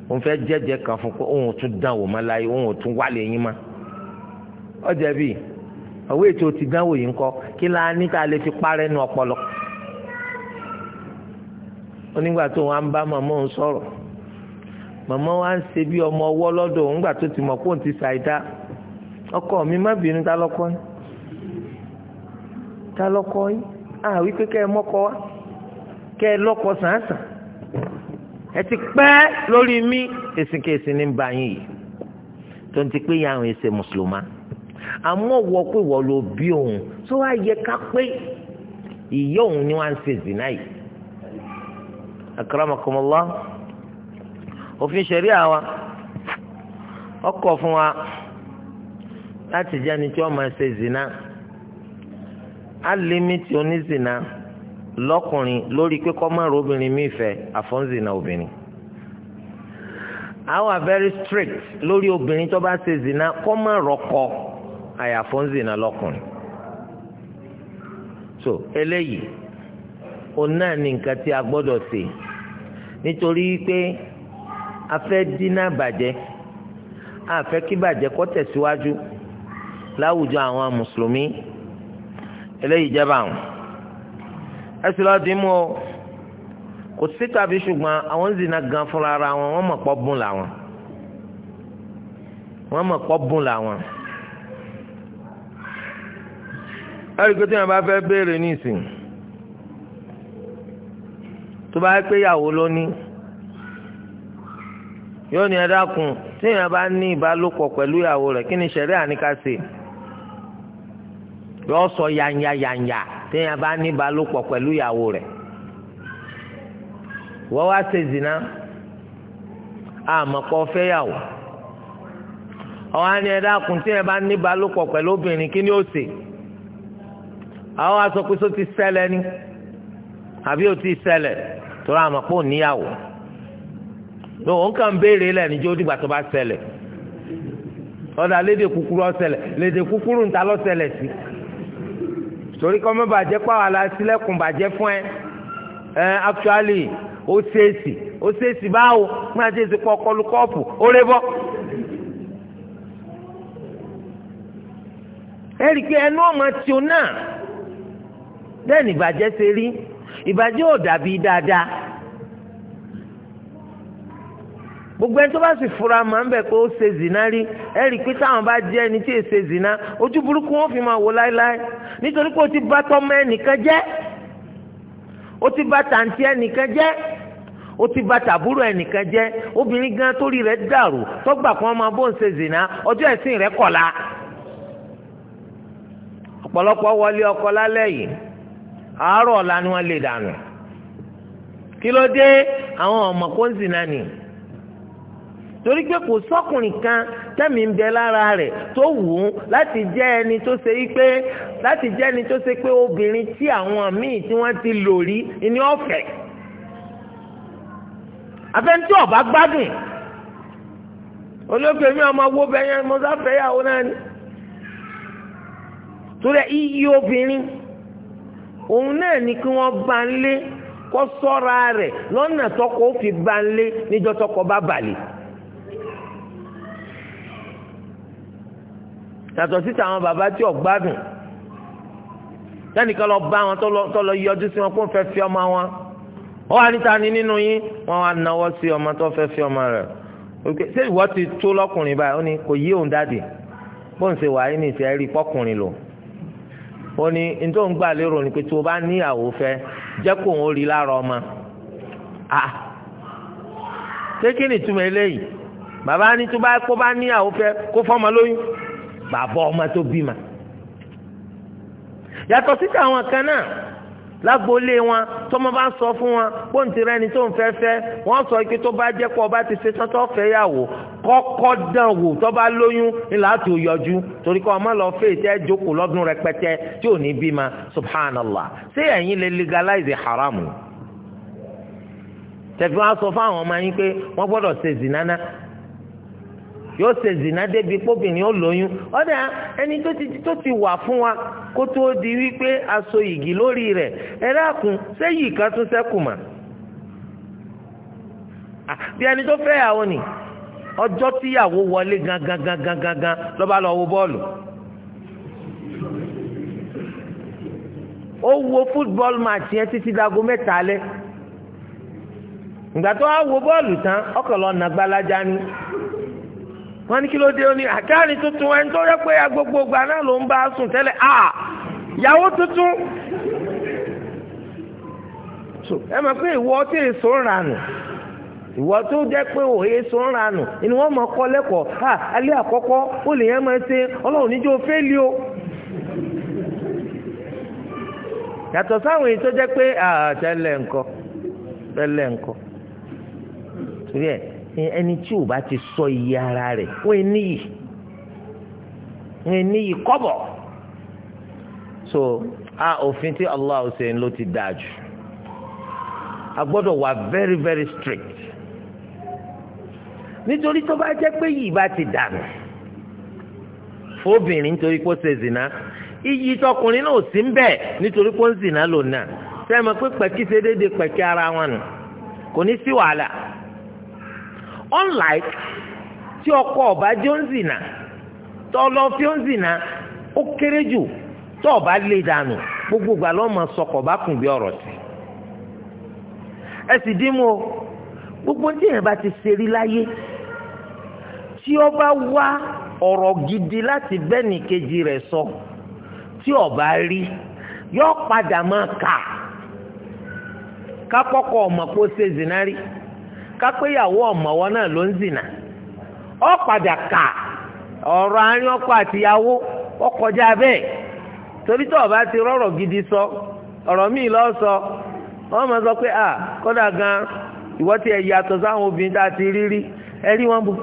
òun fẹ jẹjẹ kan fún pé òun ò tún dán wò má láyé òun ò tún wálé yín má ọjà bíi òwe ètò ti dánwò yìí ń kọ kí la ní ká lè fi parẹ́ nu ọpọlọ. onígbà tó wọn bá màmá òun sọrọ màmá wa ń ṣe bí ọmọ ọwọ lọdọ òun gbà tó ti mọ kó ti ṣàìdá ọkọ mi má bínú ta lọkọ yín ta lọ́kọ́ yín àwí pé kẹ́ ẹ mọ́kọ wa kẹ́ ẹ lọ́kọ sàǹsàn ẹ ti pẹ́ lórí mi èsìkèsì ní báyìí yìí tó ń ti pé yàrá ẹ ṣe mùsùlùmá àmọ́ wọ pé wọ́n ló bí òun tó wá yẹ ká pé ìyá òun ni wọ́n á ń ṣe zìnnà yìí. akramakumullah òfin ṣẹ̀ríà wa ọkọ̀ fún wa láti jẹ́ ẹni tí wọ́n máa ṣe zìnnà á límítì onízìnnà. lọ́kùnrin lórí pé kọ́ má robìnrin mí fẹ́ àfọ́nzìnà obìnrin àwọn are very strict lórí obìnrin tó bá ṣe zina kọ́ má rọ́kọ àyàfọ́nzìnà lọ́kùnrin so eléyìí òun náà ni nǹkan tí a gbọ́dọ̀ ṣe nítorí pé a fẹ́ dínà bàjẹ́ a fẹ́ kí bàjẹ́ kó tẹ̀síwájú láwùjọ àwọn mùsùlùmí eléyìí jẹ́ báwọn ẹsùn lọ dì í mú o kò sí tàbí ṣùgbọ́n àwọn ń zina gan fúnra ara wọn wọ́n mọ̀ pọ́ bùn làwọn wọ́n mọ̀ pọ́ bùn làwọn. ẹ̀ríkò tí wọn bá fẹ́ béèrè nísìn tó bá pé ìyàwó ló yóò ní ẹ dákun tí èèyàn bá ní ìbálòpọ̀ pẹ̀lú ìyàwó rẹ̀ kí ni ṣẹ̀rí àníkàsè yóò sọ yanya yanya téèyàn bá ní balùpọ̀ pẹ̀lú ìyàwó rẹ̀ wọ́n wá ṣe zina àmọ́kọ́ fẹ́yàwó àwọn àni ẹ̀dá kun téèyàn bá ní balùpọ̀ pẹ̀lú obìnrin kí ni ó ṣe àwọn aṣọ ti ṣẹlẹ̀ ni àbí ó ti ṣẹlẹ̀ tó rà àmọ́kọ́ níyàwó ló ń kàn béèrè lẹ́ni jó dìgbà tó bá ṣẹlẹ̀ ọ̀dà lédè kúkúrú ọ̀ṣẹlẹ̀ lédè kúkúrú ń ta lọ́ṣẹlẹ̀ sí. Si torí kọ́ mọ́ bàjẹ́ pàwọ́ la sílẹ̀kùn bàjẹ́ fún ẹ ẹ actually ó ṣèèṣì ó ṣèèṣì báwo fún àti èsì pọ̀ kọlu kọ́ọ̀pù ó lé bọ́. ẹ rí i pé ẹnu ọmọ tí o náà bẹ́ẹ̀ ni ìbàjẹ́ ṣe rí ìbàjẹ́ ò dàbí dáadáa gbogbo ẹni tó bá sì fura màá ń bẹ̀ pé ó ṣe zina rí ẹ rí i pé táwọn bá jẹ́ ẹni tí ì ṣe zina ojú burúkú wọn fi máa wò láéláé nítorí pé o ti bá tọ́mọ ẹnìkan jẹ́ o ti bá tàǹtí ẹnìkan jẹ́ ó ti bá tàbúrò ẹnìkan jẹ́ obìnrin gan torí rẹ̀ dàrú tọgbà kan máa bó ń ṣe zina ọjọ́ ẹ̀sìn rẹ̀ kọlá ọ̀pọ̀lọpọ̀ wọlé ọkọ lálẹ́ yìí àárọ̀ ọ̀la ni wọ́n lè dànù kí ló dé àwọn ọmọ kó ń zina nìyí torí pé kò sọ́kùnrin kan tẹ́mi ń bẹ lára rẹ̀ tó wù ú láti jẹ́ ẹni tó ṣe pé láti jẹ́ ẹni tó ṣe pé obìnrin tí àwọn míì tí wọ́n ti lò rí ni ọ̀fẹ́ afẹ́ntí ọ̀bá gbádùn olóògbé mi ọmọ wo bẹ́ẹ̀ yẹn mo sáfẹ́yàwó náà ni torí iye obìnrin òun náà ni kí wọ́n bá ń lé kó sọ́ra rẹ̀ lọ́nà tọkọ ó fi bá ń lé níjọ́ tọkọ bá bàlẹ̀. yàtọ̀ síta àwọn bàbá tí ò gbádùn tẹnìkan lọ bá wọn tó lọ yọjú sí wọn kó fẹ́ fi ọmọ wọn ó wà níta ni nínú yín wọn wá náwó sí ọmọ tó fẹ́ fi ọmọ rẹ̀ òkè ṣé ìwọ ti tó lọkùnrin báyìí ó ní kò yí òun dáàdì bóun ṣe wà ní ìṣe rí pọkùnrin lò ó ní nítorí òun gbà lérò ni pé tí o bá níyàwó fẹ́ jẹ́ kó òun rí lára ọmọ ah ṣé kí ni ìtumọ̀ eléyìí bàbá ní tó bá kó bá níyàwó fẹ́ kó fọmọ lóyún bàbá ọmọ tó bímọ yàtọ̀ sí àwọn kan náà lágboolé wọn tọmọ bá sọ fún wọn pọ́ǹtìrẹ́ ẹni tó ń fẹ́ fẹ́ wọ́n sọ ike tó bá jẹ́ pọ̀ bá ti ṣe tán tó fẹ́ yàwó kọ́kọ́ dán wò tó bá lóyún ńlá tó yọjú torí kọ́ ọmọ lọ fèé tẹ́ jókòó lọ́dún rẹpẹtẹ tí ò ní bímọ subhanallah ṣé ẹ̀yin lè legalize haram tẹ̀fí wọn sọ fún àwọn ọmọ yín pé wọ́n gbọ́dọ̀ ṣe zinana yóò ṣe zina débi kóbìnrin ó lóyún ọ̀dà ẹni tó ti ti wà fún wa kó tó di wípé aṣọ ìgì lórí rẹ̀ ẹ dákun sẹ́yìn kan tún sẹ́kù mà bí ẹni tó fẹ́ yàwó ni ọjọ́ tíyàwó wọlé gangan gangan gangan lọ́ba lọ wo bọ́ọ̀lù. ó wo football match yẹn títí dago mẹ́ta ìgbà wọ́n ní kí ló dé ó ní àkáàrí tuntun ẹni tó yẹ pé agbogbo ìgbà náà ló ń bá a sùn tẹ́lẹ̀ à ìyàwó tuntun ẹ mọ̀ pé ìwọ tí èso ń ranù ìwọ tó jẹ́ pé òye èso ń ranù ni wọ́n mọ̀ kọ́ lẹ́kọ̀ọ́ à alẹ́ àkọ́kọ́ ó lè yẹn máa ṣe ọlọ́run níjó fẹ́ẹ́lì o yàtọ̀ sáwọn èyí tó jẹ́ pé àtẹ́lẹ̀ tẹ́lẹ̀ nǹkan torí ẹni tí bá ti sọ iye ara rẹ̀ wọ́n níyì níyì kọbọ so a òfin tí Allah ṣe ti dáa a wà very very strict nítorí tó bá jẹ́ pé yìí bá ti dànù fóbìnrin nítorí pé ó ṣe zina iyì tọkùnrin náà ò sí ń nítorí pé ó zina náà pé pẹ̀kí ṣe ara wọn nù kò ní sí unlike tí ọkọ ọba jó ń zìnà tọ́ lọ fi ń zìnà ó kéré jù tọ́ ọba lè dànù gbogbo ìgbà ló máa sọkọ̀ bá kùn bí ọ̀rọ̀ sí. ẹ sì dín mú o gbogbo tí ọba bá ti ṣe rí láyé tí ọ bá wá ọ̀rọ̀ gidi láti bẹ́ẹ̀nì kejì rẹ̀ sọ tí ó bá rí yóò padà máa kà kápọ́kọ̀ ọmọ kó ṣe kápẹ́yàwó ọ̀mọ̀wọ́ náà ló ń zìnà ọ padà kà ọ̀rọ̀ ọkọ àtìyàwó kọjá bẹ́ẹ̀ torí tó ti gidi sọ ọ̀rọ̀ míì lọ sọ wọ́n sọ pé à gan ti sáwọn obìnrin tá a ti rí rí ẹ rí wọn bò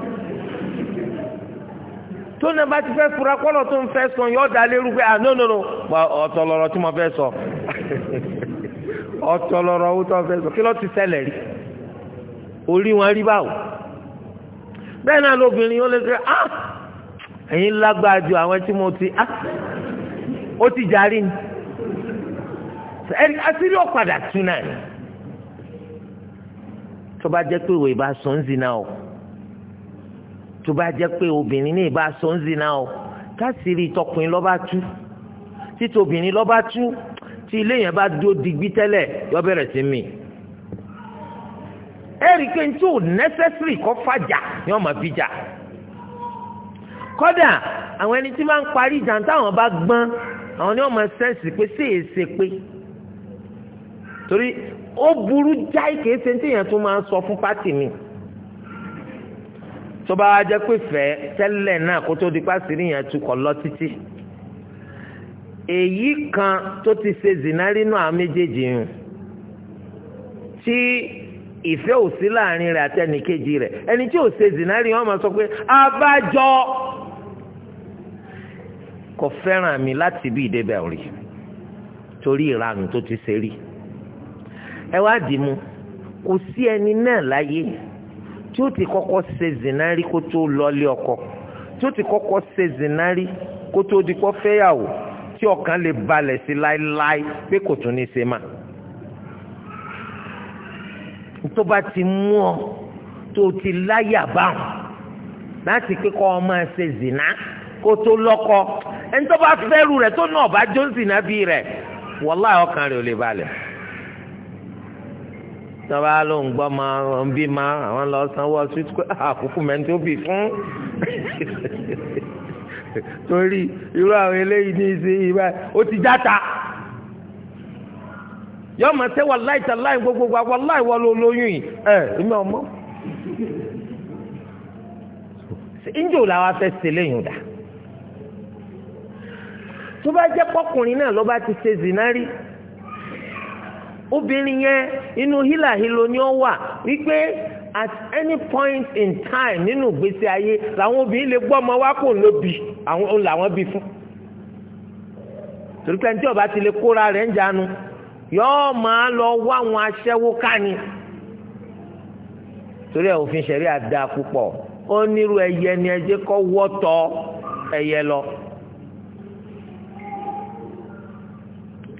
tó náà bá ti fẹ́ fura kọ́lọ̀ tó ń fẹ́ sọ yọ ọ́ da lérú pé no no no ọ̀tọ̀ lọ̀rọ̀ tí mo fẹ́ sọ ọ̀tọ̀ lọ̀rọ̀ owó tó sọ ti rí. orí wọn rí báwò bẹ́ẹ̀ náà lóbìnrin ó lè sọ ah ẹ̀yin lágbára ju àwọn tí mo ti ah ó ti jarí ni àṣírí ọ̀padà tún náà ni tó bá jẹ́ pé ìwé ìbá sọ ń zina o tó bá jẹ́ pé obìnrin ní ìbá sọ ń zina o káṣírí tọkùnrin lọ́ba tú títí obìnrin lọ́ba tú tí ilé yẹn bá dúró digbí tẹ́lẹ̀ yọ bẹ̀rẹ̀ sí mi ẹ̀rí pé tí ò nẹ́sẹ̀sìrì kọ́ fàjà ni wọ́n máa fi jà kọ́dà àwọn ẹni tí máa ń parí ìjà táwọn bá gbọ́n àwọn ni wọ́n máa sẹ́ǹsì pé ṣèèṣe pé torí ó burú jáì kìí ṣe tí èèyàn tún máa ń sọ fún pátì mi tó bá wá jẹ́ pé fẹ́ tẹ́lẹ̀ náà kó tó di pásìrì yẹn tukọ̀ lọ títí èyí kan tó ti ṣe zìnnárínú àwọn méjèèjì yìí tí ìfẹ́ ò sí láàrin rẹ̀ àti ẹnìkejì rẹ̀ ẹni tí ò ṣe zina rí wọn máa sọ pé abájọ kò fẹ́ràn mi láti bí ìdébẹ̀ rí torí ìranù tó ti ṣe rí ẹ wá dì mú kò sí ẹni náà láyé tí ó ti kọ́kọ́ ṣe zina rí kó tó lọ́lé ọkọ tí ó ti kọ́kọ́ ṣe zina kó tó di kó fẹ́yàwó tí ọkàn lè balẹ̀ sí láéláé pé kò tún ní í ṣe máa tó bá ti mú ọ tó ti láyà báwọn láti pé kọ́ ọ máa ṣe zìnà kó tó lọ́kọ ẹni tó bá fẹ́rù rẹ̀ tó náà bá jó zìnà bí rẹ̀ wọ́lá ọkàn rẹ̀ ò lè balẹ̀ tọ́ba ló ń gbọ́ ma ń bí ma àwọn lọ sanwó ọsùn àkókò mẹ́tò bì fún torí irú àwọn eléyìí ní í ṣe ó ti dáta yọ ọmọ tẹ wàláì tà láì gbogbo wàláì wọ ló lóyún yìí ẹ ẹmí ọmọ ìjò làwọn afẹ́ ṣe lẹ́yìn ọ̀dà tó bá jẹ́ pọ́kùnrin náà ló bá ti ṣe zinari obìnrin yẹn inú hílàhílo ni ó wà wípé at any point in time nínú ìgbésí ayé làwọn obìnrin lè gbọ́ ọmọ wa kò ló bi àwọn làwọn bi fún torí pé ẹni tí ó bá ti lè kóra rẹ̀ ń jánu yọọ máa lọ wá àwọn aṣẹ́wó káni torí ẹ̀ òfin ṣẹ̀rí àdá púpọ̀ ó nírú ẹyẹ ni ẹjẹ́ kọ́ wọ́tọ̀ ẹyẹ lọ.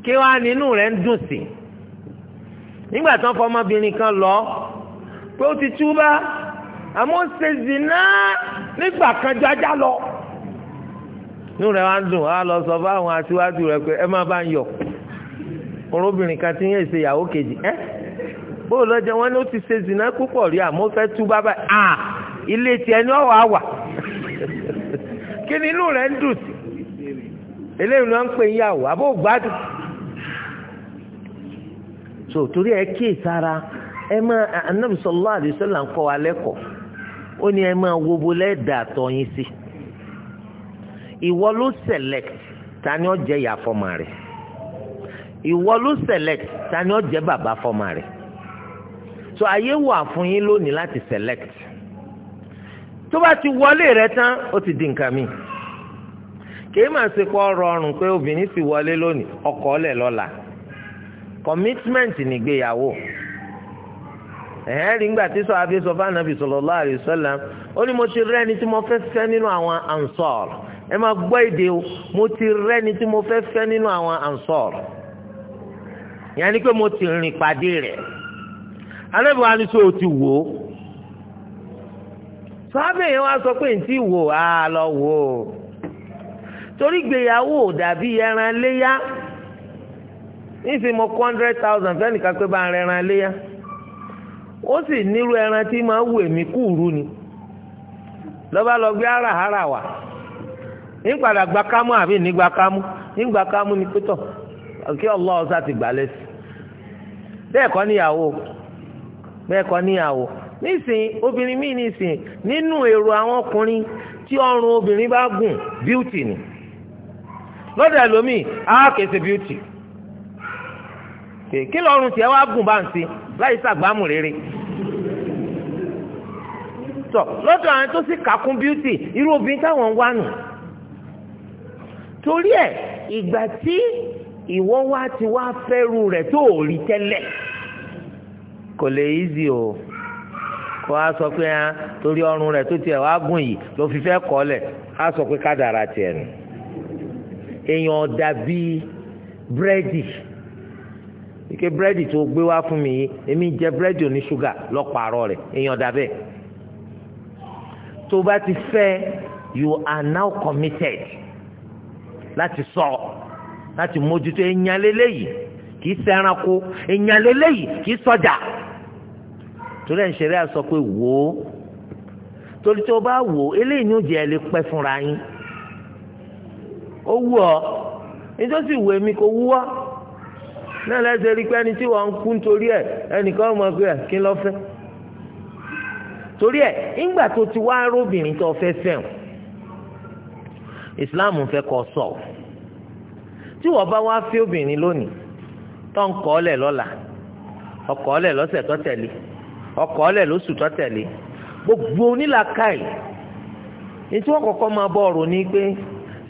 kí wá nínú rẹ̀ ń dùn sí nígbà tán fọmọbìnrin kan lọ pé ó ti túbá àmọ́ ṣe zìnnà nígbà kan jájá lọ. inú rẹ̀ wá ń dùn á lọ sọ fún àwọn aṣíwájú rẹ̀ pé ẹ má bá ń yọ̀. ọ̀rọ̀bìnrin kan ti ń yẹ ṣe ìyàwó kejì ẹ́ bó lọ́jọ́ wọn ti ṣe zina púpọ̀ rí àmọ́ fẹ́ tú bábà à ilé tiẹ̀ ni ọ̀wà wà kí ni inú rẹ̀ ń dùn sí eléyìí ló ń pè yàwó àbó so torí ẹ kí ìtara ẹ máa Ànábì sallallahu ń kọ́ wa lẹ́kọ̀ọ́ ó ní ẹ máa wo lẹ́ẹ̀dà tọ́yìn sí ìwọ ló select ta ìwọ ló select tani ni ó jẹ́ bàbá so àyè wà fún yín lónìí láti select tó bá ti wọlé rẹ tán ó ti di nǹkan mi kìí máa ṣe kó rọrùn pé obìnrin sì wọlé lónìí ọkọ lẹ̀ lọ́la commitment nìgbéyàwó ẹ̀hẹ́n rí ngbà tí sọ abẹ́ sọ fún anabi sallallahu alaihi wasallam ó ní mo ti rẹ́ni tí mo fẹ́ fẹ́ nínú àwọn ansor ẹ máa gbọ́ èdè o mo ti rẹ́ni tí mo fẹ́ fẹ́ nínú àwọn ansor. yẹn ni pé mo ti rìn pàdé rẹ̀ alẹ́bí wa ni sọ o ti wò ó sọ́ọ́bẹ̀ yẹn wá sọ pé n ti wò á lọ wò ó torí gbéyàwó dàbí ẹran léyà nísìnyí mo hundred thousand fẹ́nìkan pé bá ń rẹ ẹran léyà ó sì nírú ẹran tí máa wù èmi ni lọ́ba lọ gbé nígbàdàgbà kámú àbí nígbà kámú nígbà kámú ni pétọ̀ kí ọlọ́ọ̀sá ti gbà lẹ́sìn. bẹ́ẹ̀ kọ́ níyàwó bẹ́ẹ̀ kọ́ níyàwó nísìn obìnrin míì nísìn nínú èrò àwọn ọkùnrin tí ọrùn obìnrin bá gùn bíútì ni lọ́dọ̀ ẹlòmíì á kèsè bíútì kí lọ́rùn tiẹ̀ wá gùn bá ń sí láì sàgbámù rere tọ̀ lọ́dọ̀ àwọn tó sì kàkún bíútì irú obìnrin táwọn ń wá nù torí ẹ̀ ìgbà tí ìwọ wá ti wá fẹ́rù rẹ̀ tó ò rí tẹ́lẹ̀ kò lè easy o kó a sọ pé hàn ah, torí ọrùn rẹ̀ tó tiẹ̀ wá gùn yìí ló fi fẹ́ kọ́ lẹ̀ a sọ pé kádàrà tiẹ̀ nù èèyàn dàbí búrẹ́dì ike búrẹ́dì tó gbé wá fún mi yìí èmi jẹ búrẹ́dì oní ṣúgà lọ́pàárọ̀ rẹ̀ èèyàn dàbẹ́ tó bá ti fẹ́ you are now committed láti sọ láti mójútó èèyàn lélẹ́yìí kì í ṣẹranko èèyàn lélẹ́yìí kì í ṣọjà. So torí ẹ̀ ń ṣeré àsọ pé wò ó torí tó bá wò ó eléyìí ni ó jẹ́ ẹ lè pẹ́ fúnra yín ó wù ọ́ nítòsí wù èmi kò wù ọ́ náà lẹ́sẹ̀ rí pé ẹni tí wọ́n ń kú nítorí ẹ̀ ẹnìkan mọ̀ pé ẹ̀ kí ló fẹ́ torí ẹ̀ ńgbà tó ti wá róbìnrin tó fẹ́ fẹ́hùn ìsìláàmù fẹ́ kọ́ sọ tí wọ́n bá wá fẹ́ obìnrin lónìí tó ń kọ́ ọ́ lẹ̀ lọ́la ọkọ̀ ọ́ lẹ̀ lọ́sẹ̀ tó tẹ̀lé ọkọ̀ ọ̀lẹ̀ lóṣù tó tẹ̀lé gbogbo onílàkàì ní tí wọ́n kọ́kọ́ máa bọ̀ ọ̀rọ̀ ni pé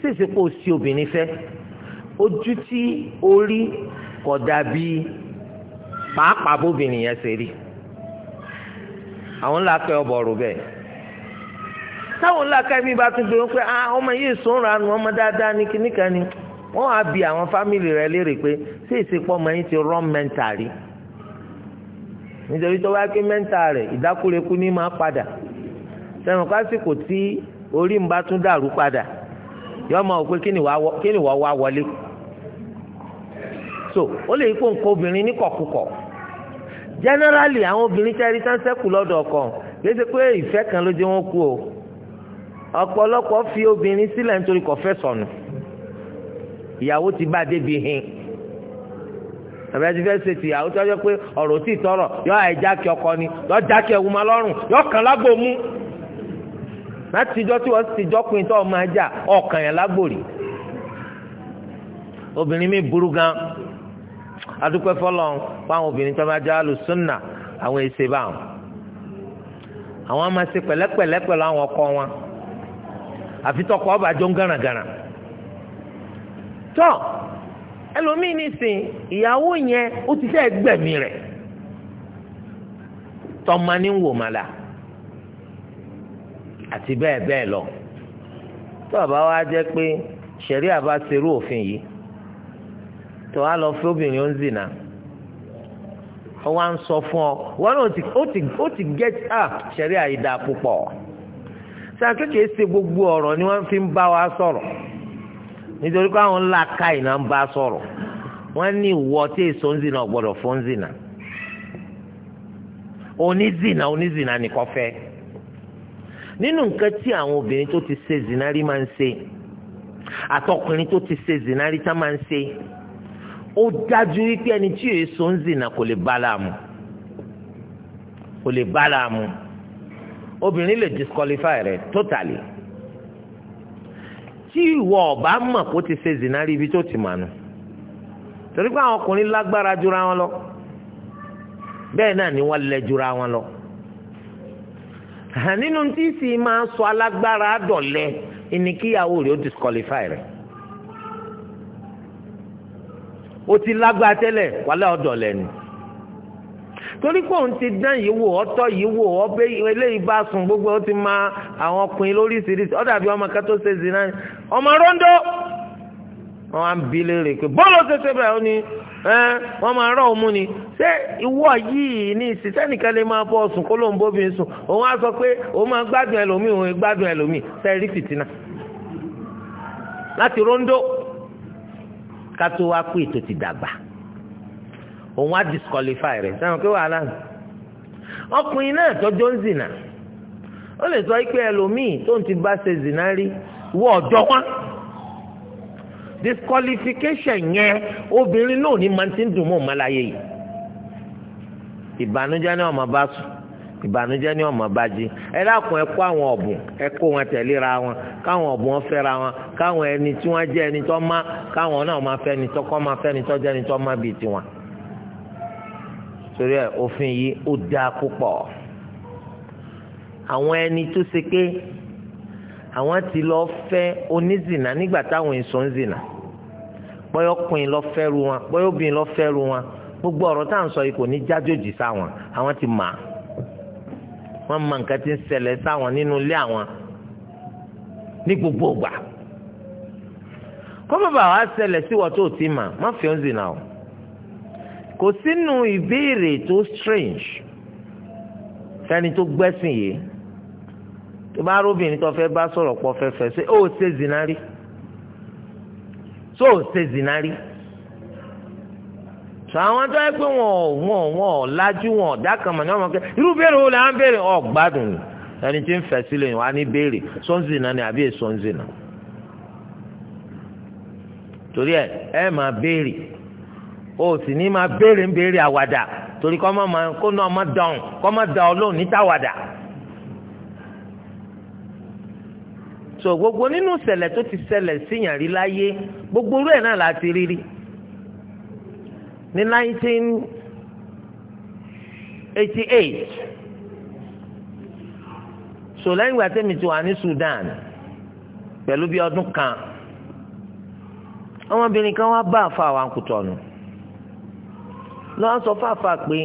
ṣèṣe kò sí obìnrin fẹ́ ojú tí orí kò dàbí pàápàá bóbìnrin yẹn ṣe rí àwọn làkàì ọbọ̀ ọ̀rọ̀ bẹ́ẹ̀ táwọn làkàì mi bá tún gbé wọn pé ah, ọmọ yìí sùn ránù ọmọ dáadáa ní kíníkan ni wọ́n á bi àwọn fámìlì rẹ̀ léèrè pé ṣèṣe pọ́ ọmọ yìí ti rán mẹ́ńtà rí nítorí tó bá ké mẹ́ńtà rẹ̀ ìdákúrekú ní máa padà sẹ́wọ̀n kásìkò tí orí ń bá tún dàrú padà yọ ọmọ òpin kí ni wàá wá wọlé so ó lè kó nǹkan obìnrin ní generally àwọn obìnrin tẹ́rí sánsẹ́kù lọ́dọ̀ ọkọ kì í ṣe pé ìfẹ́ kan ló jẹ́ wọ́n kú o ọ̀pọ̀lọpọ̀ fi obìnrin sílẹ̀ nítorí kò fẹ́ sọnù ìyàwó ti bá débi hin àbẹ ti fẹ́ ṣe ti àwọn yẹ pé ọ̀rọ̀ tí tọrọ yọ àìjákè ọkọ ni yọ jákè ẹwù máa lọ́rùn yọ kàn lágbo mú látijọ́ tí wọ́n ti jọ́kùnrin tó máa jà ọ̀kàn yẹn lágbòrì obìnrin mi burú gan adúpẹ́ fọlọ́n fáwọn obìnrin tó máa já lùsùnà àwọn èsè bá wọn àwọn máa ṣe pẹ̀lẹ́pẹ̀lẹ́ pẹ̀lú àwọn ọkọ wọn àfitọ́kọ ọba ń gàràngàrà tó. ẹlòmíì nìsín ìyàwó yẹn ó ti fẹ́ gbẹ̀mí rẹ̀ tọ́mọ ní wò màlà àti bẹ́ẹ̀ bẹ́ẹ̀ lọ tó àbá wa jẹ́ pé ṣẹ̀rí àbá serú òfin yìí tó a lọ fún obìnrin ó ń zìnà ó wá ń sọ fún ọ wọn náà ó ti get up ṣẹ̀rí àyídà púpọ̀ sàkékèé ṣe gbogbo ọ̀rọ̀ ni wọ́n fi ń bá wa sọ̀rọ̀ nítorí pé àwọn ńlá ká ìná ń bá sọ̀rọ̀ wọ́n ní ìwọ tí èso ń zina ọ̀gbọ́dọ̀ fún ń zina onízina onízina nìkan fẹ́ nínú nǹkan tí àwọn obìnrin tó ti ṣe zina rí máa ń ṣe àtọkùnrin tó ti ṣe zina rí tá máa ń ṣe ó dájú wípé ẹni tí èso ń zina kò lè bá láàmú kò lè bá láàmú obìnrin lè disqualify rẹ̀ totally. tí ìwọ ọba mọ̀ kó ti ṣe zina ibi tó ti mà nù torí pé àwọn ọkùnrin lágbára jura wọn lọ bẹ́ẹ̀ náà ni wọ́n lẹ jura wọn lọ nínú tí sì máa sọ alágbára dọ̀lẹ́ ni kíyàwó rẹ̀ ó disqualify rẹ̀ ó ti lágbára tẹ́lẹ̀ wàlẹ́ ọ̀dọ̀lẹ ni. torí pé òun ti dán yìí wò ọtọ yìí wò ọbẹ eléyìí bá sùn gbogbo ó ti ma àwọn ọkùnrin lóríṣiríṣi ó dàbí ọmọ kẹtó ṣe zina ọmọ rondo wọn á ń bi léèrè pé bọ́ọ̀lù ṣẹṣẹ bẹ̀rẹ̀ ó ní wọn máa rọ òun mú ni ṣé ìwọ yìí ní ìsìtẹ́ nìkan lè máa bọ́ sùn kó ló ń bóbi sùn òun á sọ pé òun máa gbádùn ẹlòmíì òun gbádùn ẹlòmíì sẹ́ẹ̀rí fìtínà láti rondo ká wá pé ètò ti dàgbà òun á disqualify rẹ̀ sáwọn pé wàhálà ọkùnrin náà tọ́jọ́ ń zìnà ó lè sọ pé ẹlòmíì tó ń ti bá ṣe zìnà rí wọ ọ̀dọ́ wọn disqualification yẹn obìnrin náà ní máa ti ń dùn mọ́ ọ̀mọ́láyé yìí ìbànújẹ́ ni ọmọ bá sùn ìbànújẹ́ ni ọmọ bá jí ẹ dákun ẹ kó àwọn ọ̀bùn ẹ kó wọn tẹ̀léra wọn káwọn ọ̀bùn wọn fẹ́ra wọn káwọn ẹni tí wọ́n jẹ́ ẹni tó má káwọn náà máa fẹ́ ẹni tó kọ́ máa fẹ́ ẹni tó jẹ́ ẹni tó má bíi tiwọn torí ẹ òfin yìí ó dáa púpọ̀ àwọn ẹni tó ṣe pé àwọn ti lọ fẹ́ onízìnà nígbà táwọn èso ń zìnà bọ́yọ̀ ọkùnrin lọ fẹ́ru wọn bọ́yọ̀ obìnrin lọ fẹ́ru wọn gbogbo ọ̀rọ̀ tá à ń sọ yìí kò ní jájòjì sáwọn àwọn ti mà wọ́n mọ nǹkan tí ń ṣẹlẹ̀ sáwọn nínú ilé àwọn ní gbogbo ìgbà kọ́ bàbá wa ṣẹlẹ̀ síwọ́ tó ti mà má fi ń zìnà o kò sínú ìbéèrè tó strange sẹ́ni tó gbẹ́sìn yìí tó bá róbìnrin tó fẹ́ bá sọ̀rọ̀ pọ̀ fẹ́fẹ́ ṣé ó ṣe zinari. rí ṣó ó ṣe zina rí sọ àwọn tó yẹ pé wọn wọn wọn lajú wọn dákàmọ ní ọmọ kẹ irú béèrè wo là ń béèrè ọ gbádùn ẹni tí ń fẹ́ sílẹ̀ wà ní béèrè sọ́nzìnà ni àbí èsọ́nzìnà torí ẹ ẹ máa béèrè o sì ní máa béèrè ń béèrè àwàdà torí kọ́ máa kó náà má dàn kọ́ má dàn ọlọ́run níta àwàdà. so gbogbo nínú ṣẹlẹ̀ tó ti ṣẹlẹ̀ síyàn rí láyé gbogbo irú náà la ti rí ní nineteen eighty eight so lẹ́yìn ìgbà tẹ́mi ti wà ní Sudan pẹ̀lú bíi ọdún kan ọmọbìnrin kan wá bá àfa àwọn akutọ̀nù lọ́wọ́ sọ fáfá pé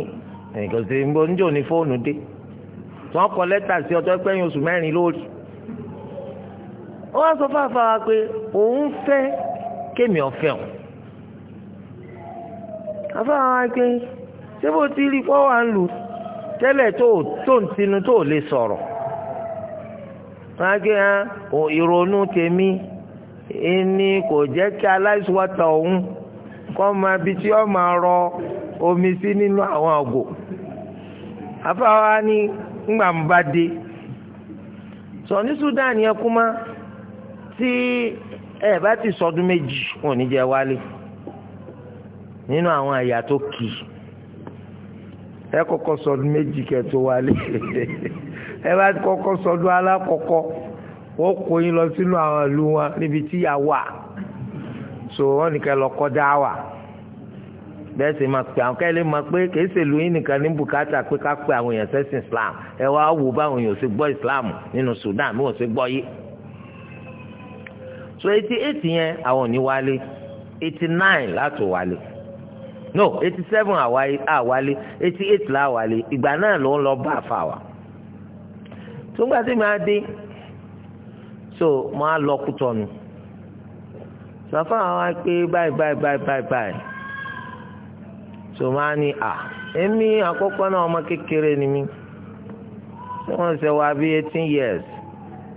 nǹkan ṣe ń bọ níjọ́ ní fóònù dé wọ́n kọ lẹ́tà sí ọjọ́ pẹ́yìn oṣù mẹ́rin lórí wọ́n sọ fáfá wa pé òun fẹ́ kémi ọ̀fẹ́ o àfáà wa pé ṣé bó ti rí pọ́ wà ń lù tẹ́lẹ̀ tó tó ń tinú tó lè sọ̀rọ̀ wọ́n á gé ìrònú tèmi ẹni kò jẹ́ kí aláìsíwáta òun kọ́ máa bi tí ó máa rọ omi sí nínú àwọn ọ̀gò afáwa ni ńgbà ń bá dé sọ ní Sudan yẹn kú mọ́ tí ẹ bá ti sọdún méjì wọn ò ní jẹ wálé nínú àwọn àyà tó kì í ẹ kọ́kọ́ sọdún méjì kẹ́ tó wálé ẹ bá kọ́kọ́ sọdún alákọ̀ọ́kọ́ wọ́n kó yín lọ sínú àwọn ìlú wọn níbi tí yà wà so wọ́n nìkan lọ kọ́ dá wà bẹ́ẹ̀ sì máa pè àwọn kẹ́lẹ́ máa pé kìí ṣèlú yín nìkan ní bùkátà pé ká pè àwọn èèyàn sẹ́sìn Islam ẹ wá wò báwọn èèyàn ṣe gbọ́ Islam nínú Sudan bí wọ́n ṣe gbọ́ yìí so eighty eight yẹn àwọn ò ní wálé eighty nine láti wálé no eighty seven àwálé eighty eight láwálé ìgbà náà ló ń lọ bá àfa wa tó ń gbà tí mi á dé so mo á lọ kú tọ́nu sọfọ àwọn pé báyìí báyìí báyìí báyìí báyìí tó máa ní à èmi àkọ́kọ́ náà ọmọ kékeré ni mí tí wọ́n ṣe bí eighteen years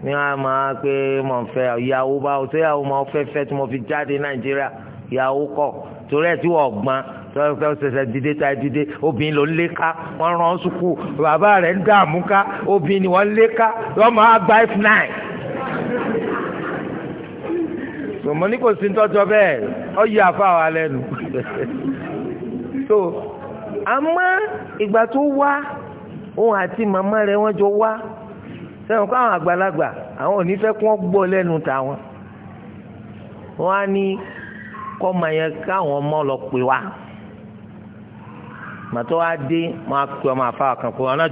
ní wọ́n máa pé mo fẹ́ ìyàwó bá o tó yàwó máa fẹ́ fẹ́ tí mo fi jáde nàìjíríà ìyàwó kọ̀ torí ẹ̀ tí wọ́n gbọ́n tọ́lọ́fẹ́ ṣẹ̀ṣẹ̀ dìde ta dìde obìnrin ló ń léka wọ́n rán sùkúù bàbá rẹ̀ ń dààmú ká obìnrin wọ́n ń léka wọ́n máa gba f nine. mo ní kò sí tọ́jọ́ bẹẹ ọ yí àfa wa lẹ́nu so àmọ́ ìgbà tó wá òun àti màmá rẹ wọn jọ wá sẹ́wọ̀n kó àwọn àgbàlagbà àwọn òní fẹ́ kó wọ́n gbọ́ tàwọn wọ́n á ní káwọn ọmọ lọ pè wá màtọ́ wá dé máa pè ọmọ àfa kan pé wọn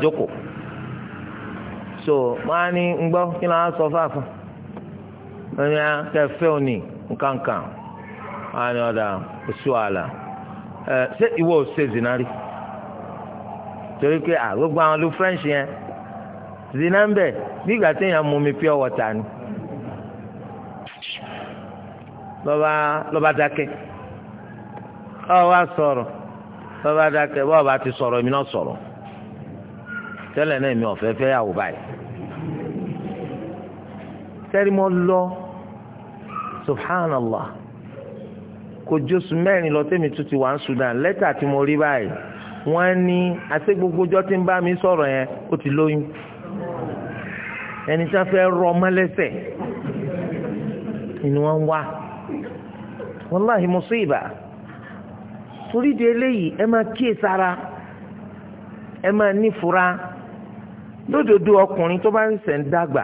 so wọ́n ní ń gbọ́ kí wọ́n ní akẹ́fẹ́ òní nkankan wọ́n á ní ọ̀dà oṣù àlà ẹ̀ ṣé ìwọ ò ṣe zina rí torí pé àgbègbè àwọn ọdún french yẹn zina ń bẹ̀ nígbà téèyàn mú mi pure water ni lọ́ba lọ́ba dákẹ́ ọ wá sọ̀rọ̀ lọ́ba dákẹ́ bọ́ọ̀ bá ti sọ̀rọ̀ èmi náà sọ̀rọ̀ tẹ́lẹ̀ náà èmi ọ̀fẹ́ fẹ́ yàwó báyìí mọ́ lọ subhanallah kò jósù mẹ́rin lọ tẹ́mi tún ti wà Sudan lẹ́tà tí mo báyìí wọ́n ní àti ọjọ́ tí ń bá mi sọ̀rọ̀ yẹn ó ti lóyún ẹni tí wọ́n fẹ́ rọ ọmọ lẹ́sẹ̀ ni wọ́n wá wàláhi mùsíbà torí di eléyìí ẹ máa kíyèsára ẹ máa nífura lódodo ọkùnrin tó bá ń sẹ̀ ń dàgbà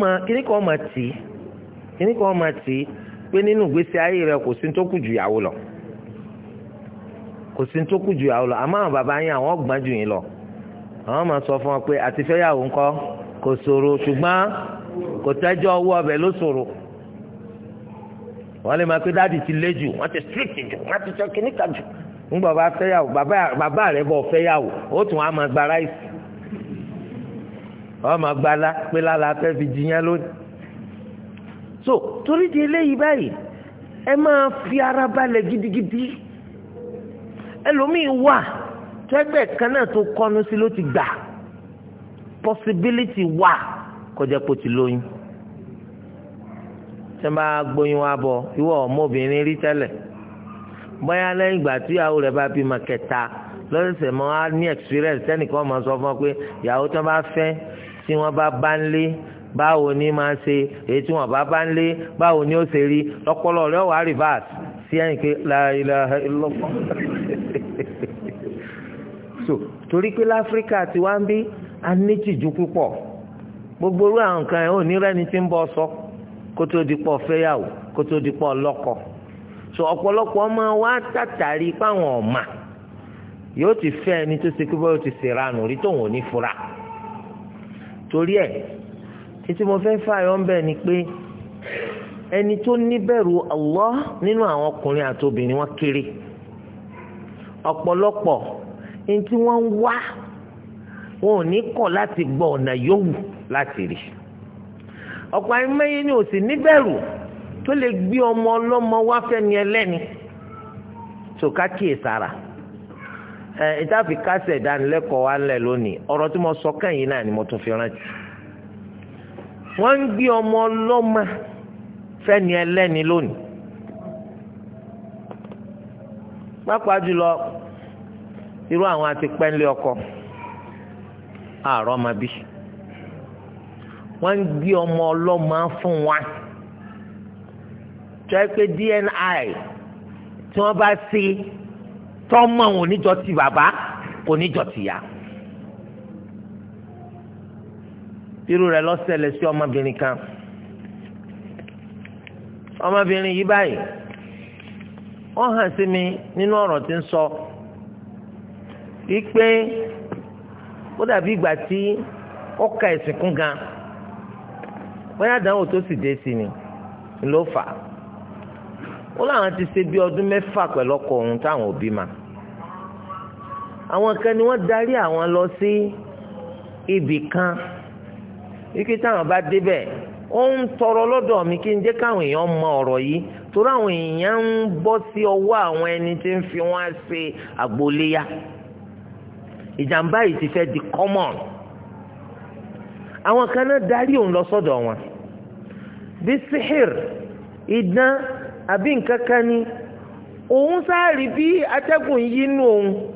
máa kíní kan máa tì í pé nínú ìgbésí ayé rẹ kò sí tó kù ju ìyàwó lọ kò sí tó kù ju ìyàwó lọ àmọ́ àwọn bàbá yín àwọn ọ̀gbọ́n jù yín lọ àwọn máa sọ fún ọ pé àti fẹ́yàwó ńkọ́ kò ṣòro ṣùgbọ́n kò tẹ́jọ́ owó ọbẹ̀ ló ṣòro wọ́n lè máa pé dáàdì ti lé jù wọ́n ti strict jù wọ́n ti sọ kíní kan jù ńgbà bá fẹ́yàwó bàbá rẹ̀ bọ̀ fẹ́yàwó ó tún á máa gba ráìsì wọ́n máa gba lá pé lálá fẹ́ fi jiyàn lónìí so torí di eléyìí báyìí ẹ máa fi ara balẹ̀ gidigidi ẹlòmíì wà tẹ́gbẹ́ kan náà tó kọ́nu sí ló ti gbà possibility wà kọjá pé ti lóyún tẹ́ bá gbóyún wa bọ̀ ìwọ ọmọbìnrin rí tẹ́lẹ̀ bóyá lẹ́yìn ìgbà tí ìyàwó rẹ̀ bá bímọ kẹta lọ́sẹ̀ mọ́ á ní experience tẹ́nìkan mọ̀ sọ fún ọ pé ìyàwó tó bá fẹ́ tí wọ́n bá bá ń lé báwo ni máa ṣe èyí tí wọ́n bá bá ń lé báwo ni ó ṣe rí ọpọlọ rẹ̀ wà rìvásì sí ẹ̀yìn pé la ilaha so torí pé láfíríkà ti wá ń bí a ní tìjú púpọ̀ gbogbo orú àwọn nǹkan ẹ̀ ò ní rẹ́ni tí ń bọ́ sọ kó tó di pọ̀ fẹ́yàwó kó tó di pọ̀ lọ́kọ so ọ̀pọ̀lọpọ̀ ọmọ wa tàtàrí páwọn ọ̀ma yóò ti fẹ́ ẹni tó ṣe kí bọ́ ti ṣèrànù rí tóun ò ní fura torí ẹ̀ ètí mo fẹ́ fààyàn bẹ́ẹ̀ ni pé ẹni tó níbẹ̀rù Allah nínú àwọn ọkùnrin àti obìnrin wọn kéré ọ̀pọ̀lọpọ̀ ní tí wọ́n ń wá wọn ò ní kọ̀ láti gbọ́ ọ̀nà yòówù láti rí ọ̀pọ̀ àìmọye ni ò sì níbẹ̀rù tó lè gbé ọmọ ọlọ́mọ wá fẹ́ni ẹlẹ́ni sòká kíyè sára ẹ ìtàfi kásẹ̀ ìdánilẹ́kọ̀ọ́ wa ń lẹ̀ lónìí ọ̀rọ̀ tí mo sọ kẹ́yìn náà ni mo tún fi rántí wọ́n ń gbé ọmọ ọlọ́mọ fẹ́ni ẹlẹ́ni lónìí pápá jùlọ irú àwọn àti pẹ́ńlẹ́ ọkọ àárọ̀ máa bí wọ́n ń gbé ọmọ ọlọ́mọ fún wa tó pé DNI tí wọ́n bá sí tọ́mọ̀ òní ti bàbá kò ti yá. irú rẹ̀ ló ṣẹlẹ̀ sí ọmọbìnrin kan ọmọbìnrin yìí báyìí ó hàn sí mi nínú ọ̀rọ̀ tí ń sọ wípé ó dàbí ìgbà tí ó ka ẹ̀sìn kún gan bóyá àdánwò tó sì dé sí ni ló fà á ó láwọn ti ṣe bí ọdún mẹ́fà pẹ̀lú ọkọ òun táwọn òbí ma àwọn kan ni wọ́n darí àwọn lọ sí ibì kan ike táwọn bá débẹ̀ ó ń tọrọ lọ́dọ̀ mi kí n jẹ́ káwọn èèyàn mọ ọ̀rọ̀ yìí torí àwọn èèyàn ń bọ́ sí ọwọ́ àwọn ẹni tí ń fi wọ́n ṣe àgbóléyà ìjàmbá yìí ti fẹ́ di common àwọn kan náà darí òun lọ sọ́dọ̀ wọn bí sihir idán àbí nǹkan ni òun sáà rí bí atẹ́gùn yínú òun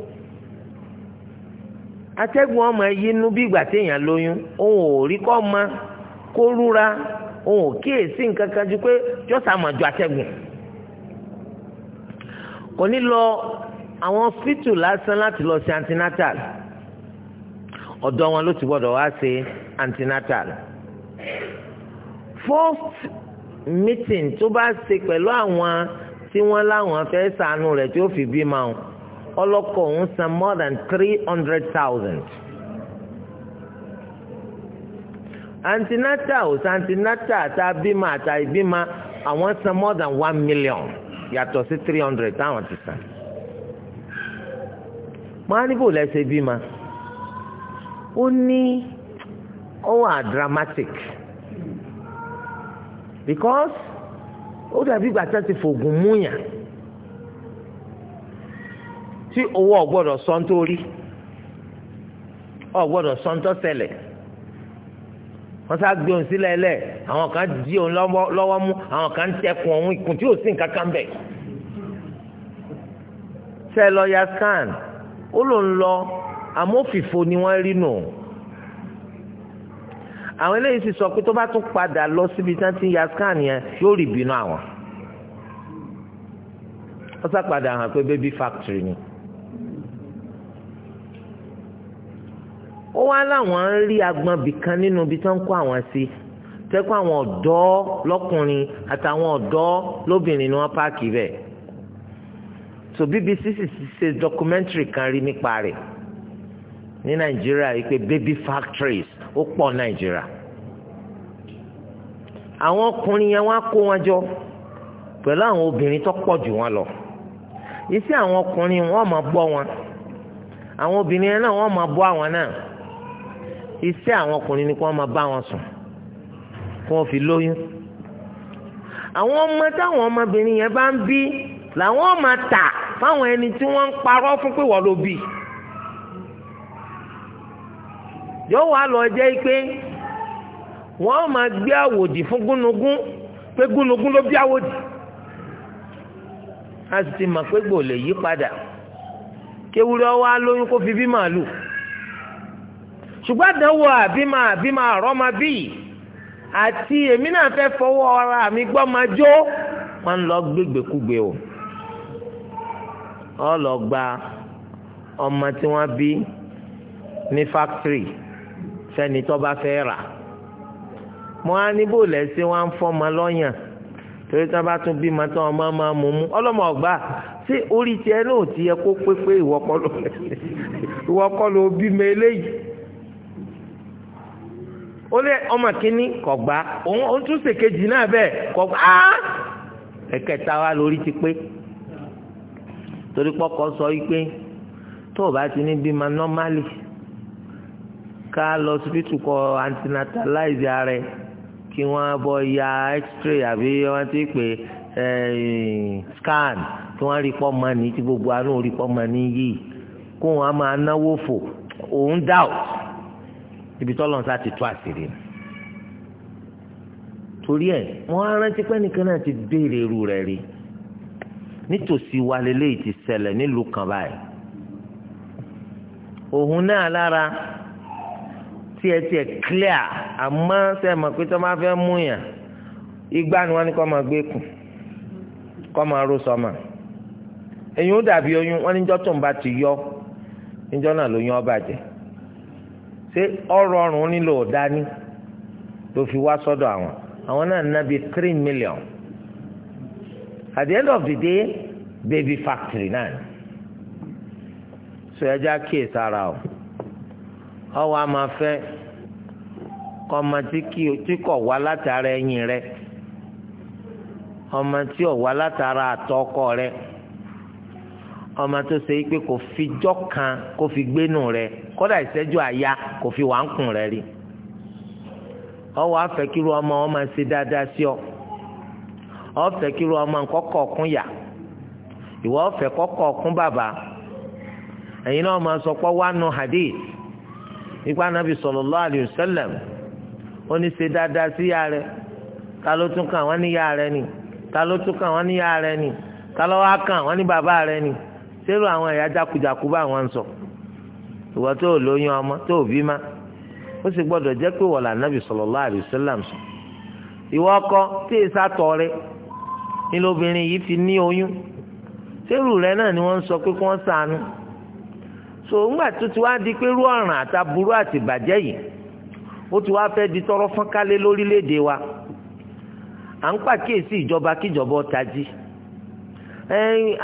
atẹ́gùn ọmọ yínú bí ìgbà téèyàn lóyún òun ò rí kọ́ ma kó rúra òun ò kíyèsí nǹkan kan ju pé jọ́sà mọ̀ ju atẹ́gùn kò ní lọ àwọn hospital lásán láti lọ sí antinatal ọ̀dọ̀ wọn ló ti gbọ́dọ̀ wá sí antinatal first meeting tó bá ṣe pẹ̀lú àwọn tí wọ́n láwọn fẹ́ ṣàánú rẹ̀ tí ó fi bí ma wọn ọlọ́kọ òun san more than three hundred thousand. antinata ò san antinata àtà bímọ àtà ìbímọ àwọn san more than one million yàtọ̀ sí three hundred táwọn ti san. máa níbò lẹ́sẹ̀ bímọ ó ní ó wà dramatic because ó dàbí gbàtà ti fògùn múyàn tí owó ọ̀gbọ́dọ̀ sọ ń tó rí ọ̀gbọ́dọ̀ sọ ń tó ṣẹlẹ̀ wọ́n sá gbé òun sílẹ̀ lẹ̀ àwọn kan di òun lọ́wọ́ mú àwọn kan tẹkùn òun ìkùn tí ò sí nǹkan kan bẹ̀. ṣé lọ́ọ̀yà scan ó ló ń lọ amófìfo ni wọ́n rí nù. àwọn eléyìí sì sọ pé tó bá tún padà lọ síbi tí wọ́n ti ń ya scan yẹn yóò rí ìbínú àwọn. wọ́n sá padà hàn pé baby factory ni. ó wá láwọn ń rí agbọn bìkan nínú ibi tó ń kó àwọn sí tẹ́kọ̀ àwọn ọ̀dọ́ lọ́kùnrin àtàwọn ọ̀dọ́ lóbìnrin ni wọ́n páàkì bẹ̀ so BBC sì ṣe documentary kan rí nípa rẹ̀ ní nàìjíríà yìí pé baby factories ó pọ̀ nàìjíríà àwọn ọkùnrin yẹn wọ́n á kó wọn jọ pẹ̀lú àwọn obìnrin tó pọ̀ jù wọn lọ iṣẹ́ àwọn ọkùnrin wọ́n máa bọ́ wọn àwọn obìnrin yẹn náà wọ́n máa bọ́ àwọn náà iṣẹ́ àwọn ọkùnrin ni kí wọ́n máa bá wọn sùn kí wọ́n fi lóyún àwọn ọmọ táwọn ọmọbìnrin yẹn bá ń bí làwọn máa tà fáwọn ẹni tí wọ́n ń parọ́ fún pé wọ́n ló bí yóò wá lọ jẹ́ pé wọ́n máa gbé àwòdì fún gúnugún pé gúnugún ló bí àwòdì a sì ti mọ̀ pé gbò yí padà kéwúrẹ́ wá lóyún kó fi bí màálù ṣùgbọ́n àdánwò àbímọ àbímọ àrọ́mọ bíi àti èmi náà fẹ́ fọwọ́ ara mi gbọ́ máa jó wọ́n ń lọ gbégbèkúgbè o ọ lọ gba ọmọ tí wọ́n bí ní fákítírì fẹ́ni tó bá fẹ́ rà mo á ní bò lẹ́sìn wọn á ń fọ́mọ lọ́yàn torí tá a bá tún bímọ tán ọmọ máa mú mú ọlọ́mọ ọ̀gbà ṣé orí tiẹ̀ náà ti yẹ kó pépé ìwọ́kọ́ ló bí mi eléyìí. ó lé ọmọ kínní kọ̀gbá òun ó tún ṣèkejì náà bẹ́ẹ̀ kọ̀gbá á ẹ̀kẹta wa lórí ti pé torí pọ́kọ sọ wípé tó o bá ti ní ma nọ́málì ká lọ síbítù kọ antinatalize ara ẹ kí wọ́n bọ ya x-ray àbí wọn ti pè eh, scan kí wọn rí mọ mọ́ni tí gbogbo anú rí pọ́ mọ́ni yìí kó wọn máa náwó fò òun doubt. ibi tọ́lọ́ sá ti tú àṣírí torí ẹ̀ wọ́n á rántí pé nìkan náà ti béèrè irú rẹ̀ rí nítòsí wa lélẹ́yìí ti ṣẹlẹ̀ nílùú kan báyìí òun náà lára tiẹ̀ tiẹ̀ clear àmọ́ sẹ́mọ̀ pé tó máa fẹ́ mú yàn igbá ni wọ́n ní kó máa gbé kù kó máa ró sọmọ èyí ó dàbí oyún wọ́n níjọ́ tó ń bá ti yọ níjọ́ náà lóyún ó bàjẹ́ ṣé ọrọ̀ ọrùn nílò dání tó fi wá sọ́dọ̀ àwọn àwọn náà ná three million at the end of the day baby factory náà ni so ẹja kíyè sára o ọwọ́ a máa fẹ́ kọ́mọ tí kò wá látara ẹyin rẹ ọmọ tí ò wá látara àtọkọ rẹ ọmọ tó ṣe pé kò fi kan kó kódà ìṣẹ́jú àyà kò fi wà ń kùn rẹ rí ọwọ́ afẹ́kírú ọmọ wọn máa ṣe dáadáa sí ọ ọfẹ́kírú ọmọ kọ́kọ́ ọ̀kún yà ìwọ ọfẹ́ kọ́kọ́ ọ̀kún bàbá ẹ̀yin náà máa sọ pé wánu hadith nípa anábì sallallahu alayhi wa sallam ó ní ṣe dáadáa sí ìyá rẹ ta ló tún kàn wọ́n ní ìyá rẹ ni ta ló tún kàn wọ́n ní ìyá rẹ ni ta ló wá kàn wọ́n ní bàbá rẹ ni sẹ́rù àwọn ẹ̀yà jákujàku bá wọn sọ. ìwà tó o lóyún ọmọ tó o bí ó sì gbọ́dọ̀ jẹ́ pé sallallahu sọ ìwọ ọkọ tí èsà tọ̀ rẹ yi yìí fi ní oyún sẹ́rù rẹ náà ni wọ́n sọ pé kí sànú so ńgbà tó ti wá di pé rú ọ̀ràn àtàbúrú àti yìí ti wá fẹ́ di tọrọ wa à ń pàkíyèsí ìjọba kíjọba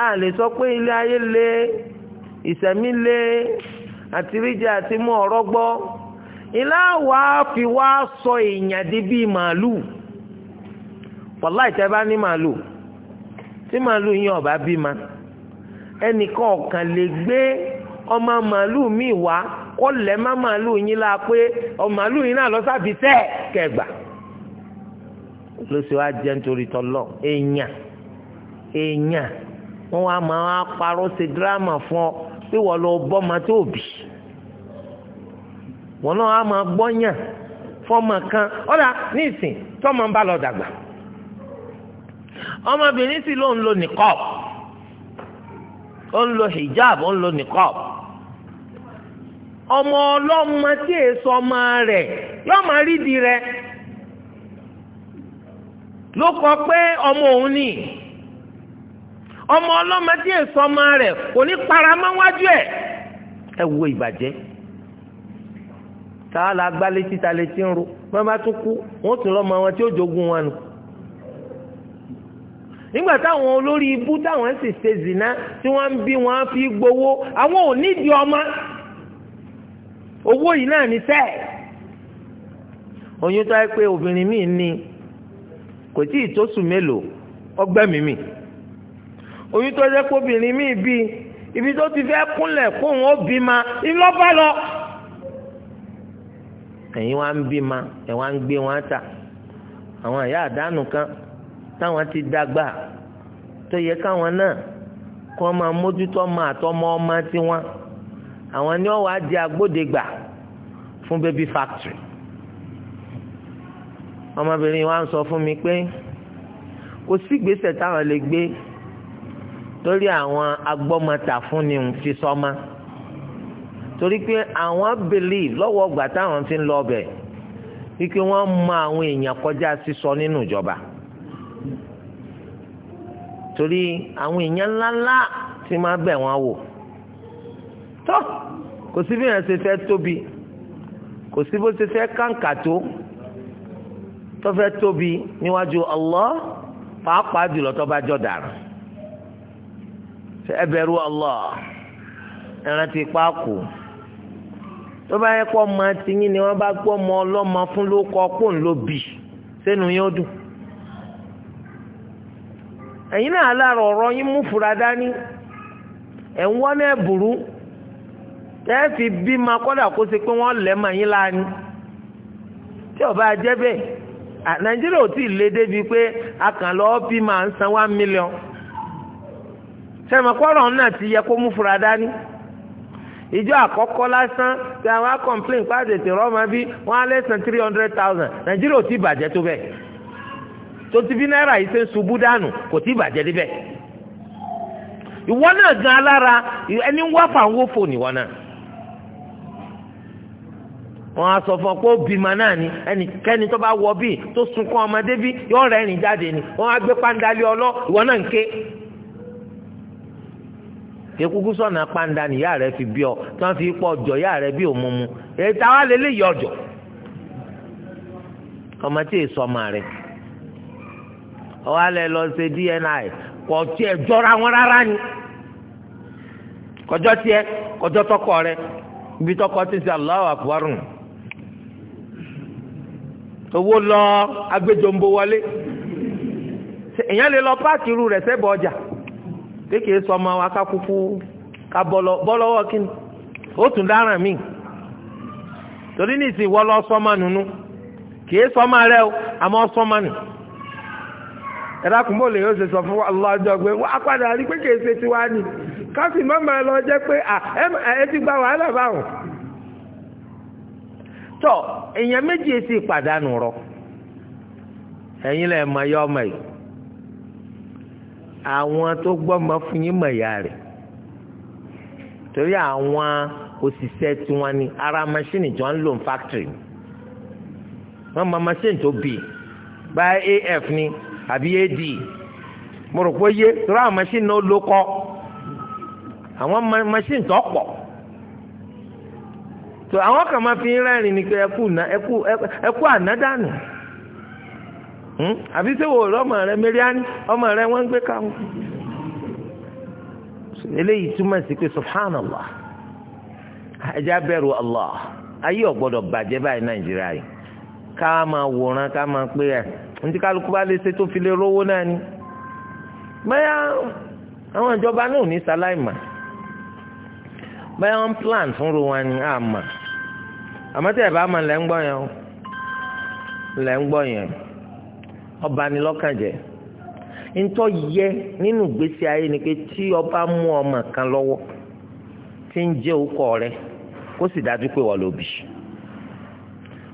a lè sọ pé ilé ayé ìsẹ̀mí àti ríjẹ àti mú ọ̀rọ̀ gbọ́ ilá wa fi wá sọ èèyàn di bíi màálù wàláì tẹ́ bá ní màálù tí màálù yín ọba bímọ ẹnìkan ọ̀kan lè gbé ọmọ màálù míì wá kó lẹ̀ má màálù yín la pé ọmọ màálù yín náà lọ sábì tẹ́ kẹgbà ló sì wá jẹ́ nítorí tọ́lọ́ èèyàn èèyàn wọ́n wá máa parọ́ ṣe dírámà fún ọ pé wọ́n lọ bọ́mọ tó bì wọ́n náà á máa gbọ́yàn fọ́mọ kan ọ̀dà ní ìsìn tọ́mọ ń bá lọ dàgbà ọmọbìnrin sì ló ń lo nìkọ́ọ̀ ó ń lo hijab ó ń lo nìkọ́ọ̀ ọmọ ọlọ́mọ tí èso ọmọ rẹ̀ yóò máa rídìí rẹ̀ ló kọ pé ọmọ òun nìyí ọmọ ọlọ́mọ tí èso ọmọ rẹ̀ kò ní paramọ́ wájú ẹ̀ ẹ wo ìbàjẹ́ táà la gbá létí ta létí ń ro wọ́n bá tún kú wọ́n tún lọ́mọ wọn tí ó jogún wọn nù nígbà táwọn olórí ibú táwọn ń sì ṣe zìnà tí wọ́n ń bí wọn fi gbowó àwọn ò nídìí ọmọ owó yìí náà ní sẹ́ẹ̀ oyún tó yẹ pé obìnrin míì ní kò tí ì tó sùn mélòó ọgbẹ́ mímì oyún tó jẹ́ kóbìnrin míì bí ibi tó ti fẹ́ kúnlẹ̀ kóun ó bímọ ńlọ́bà lọ. ẹ̀yin wá ń ma ẹ̀ wá ń gbé wọn ta àwọn ìyá àdánù kan táwọn ti dàgbà tó yẹ káwọn náà kó máa mójútó ọmọ àtọmọ ọmọ tiwọn àwọn ni wọn wá di agbódegbà fún baby factory ọmọbìnrin wa ń sọ fún mi pé kò sí ìgbésẹ̀ táwọn lè gbé torí àwọn agbọ́mọta fúnni ń fi sọ́mọ́ torí pé àwọn believe lọ́wọ́ ọgbà táwọn ti ń lọ ọbẹ̀ wípé wọ́n mọ àwọn èèyàn kọjá sísọ nínú ìjọba torí àwọn èèyàn ńláńlá ti máa bẹ̀ wọ́n wò tó kò sí bí yẹn ṣe fẹ́ tóbi kò sí bó ṣe fẹ́ kàǹkà tó tó fẹ́ tóbi níwájú Allah pàápàá jùlọ tó bá jọ dàrú. ẹ bẹ̀rù Allah ìrántí pákó tó bá yẹ kó ọmọ tiyín ni wọ́n bá gbọ́ ọmọ ọlọ́mọ fún ló kọ kó ń lo bì sẹ́nu yóò dùn ẹ̀yin náà aláàrọ̀ ọ̀rọ̀ yín mú fura dání ẹ̀ ń wọ́n náà burú tẹ́ẹ̀ fi bí ma kọ́dà kó ṣe pé wọ́n lẹ́ mọ̀ yín láàánú tí ọba jẹ́ bẹ́ẹ̀ nàìjíríà ò tí ì lé débi pé a kàn lọ́ọ́ bí máa ń san one million sẹ́mọ̀kọ́rọ̀ náà ti yẹ kó mú fura dání ìjọ àkọ́kọ́ lásán tí àwọn akọ̀mplain pàdé tèrè ọmọ bí wọ́n á lẹ́sàn three hundred thousand nàìjíríà ò tí bàjẹ́ tó bẹ́ẹ̀ tó ti bí náírà yìí ṣe ń ṣubú dànù kò tí ì bàjẹ́ níbẹ̀ ìwọ náà gan alára ẹni ń wá fàwọn fò náà wọn á sọ fún ọ pé ó bímọ náà ni ẹnikẹ́ni tó bá wọ bíi tó sunkún ọmọdé bíi yọ̀ọ́ rẹ̀ rìn jáde ni wọn á gbé pàǹdálí ìwọ náà ń ké. ekuku sọ̀nà pàǹdà ya rẹ̀ fi bí ọ tí wọ́n fi ya ọjọ́ ìyá rẹ̀ bí òmumu èyí táwa lè lè yọ ọjọ́ ọmọ tí èso ọmọ rẹ̀ ọwọ́ alẹ́ lọ ṣe DNI kò tiẹ̀ wọn rárá ni tọkọ rẹ̀ ibi tọkọ ti ṣe Allahu Akbar owó lọ agbẹjọ ń bo wọlé èèyàn lè lọ páàkì irú sẹ́bọ̀ ọjà. kéèké sọ ọmọ wa kákúkú ká bọ́ lọ́wọ́ kí ni ó tún dáràn mí torí ní ìsìn wọ́lọ́ sọ́mọ kìí o àmọ́ sọ́mọ nù ẹ̀rọ àkùnbọ̀lẹ̀ yóò ṣe sọ fún ọlọ́jọ́ pé wọ́n á padà rí pé kìí ṣe tiwa ni káfí mọ́mọ́ ẹ lọ jẹ́ pé ẹ ti gba wàhálà báwọn. èèyàn méjì èsì ìpàdánù rọ ẹ̀yin lẹ́ẹ̀ mọ àwọn tó gbọ́ ọmọ fún yín mọ̀ ìyá rẹ̀ torí àwọn òṣìṣẹ́ tiwọn ni ara machine jọ ń lò ní factory wọ́n mọ machine tó bì báyìí af ni àbí ad mo rò pé yé torí àwọn machine náà ló kọ́ àwọn machine tó pọ̀ tó àwọn kan máa fi ń rẹ́rìn ni pé ẹkú ànádànù. Hmm? àbí sẹ́wọ̀ ọmọ rẹ mẹ́ríánì ọmọ rẹ wọ́n ń gbé káwọn. eléyìí túmọ̀ sí pé subhanallah ẹja bẹ̀rù allah ayé ọ̀gbọ́dọ̀ bàjẹ́ báyìí nàìjíríà yìí ká máa wòran ká máa pé ẹ̀ ntí kálukú bá lè ṣe tó fi lè rówó náà ni. báyà àwọn ìjọba náà ò ní sáláìmà báyà wọ́n plan fún ni àmọ́ bá ọba ni lọ́kàn jẹ́ ntọ́ yẹ nínú ìgbésí ayé ni tí ọba mú ọmọ kan lọ́wọ́ tí ń jẹ́ òkọ rẹ kó sì dájú pé wọ́n ló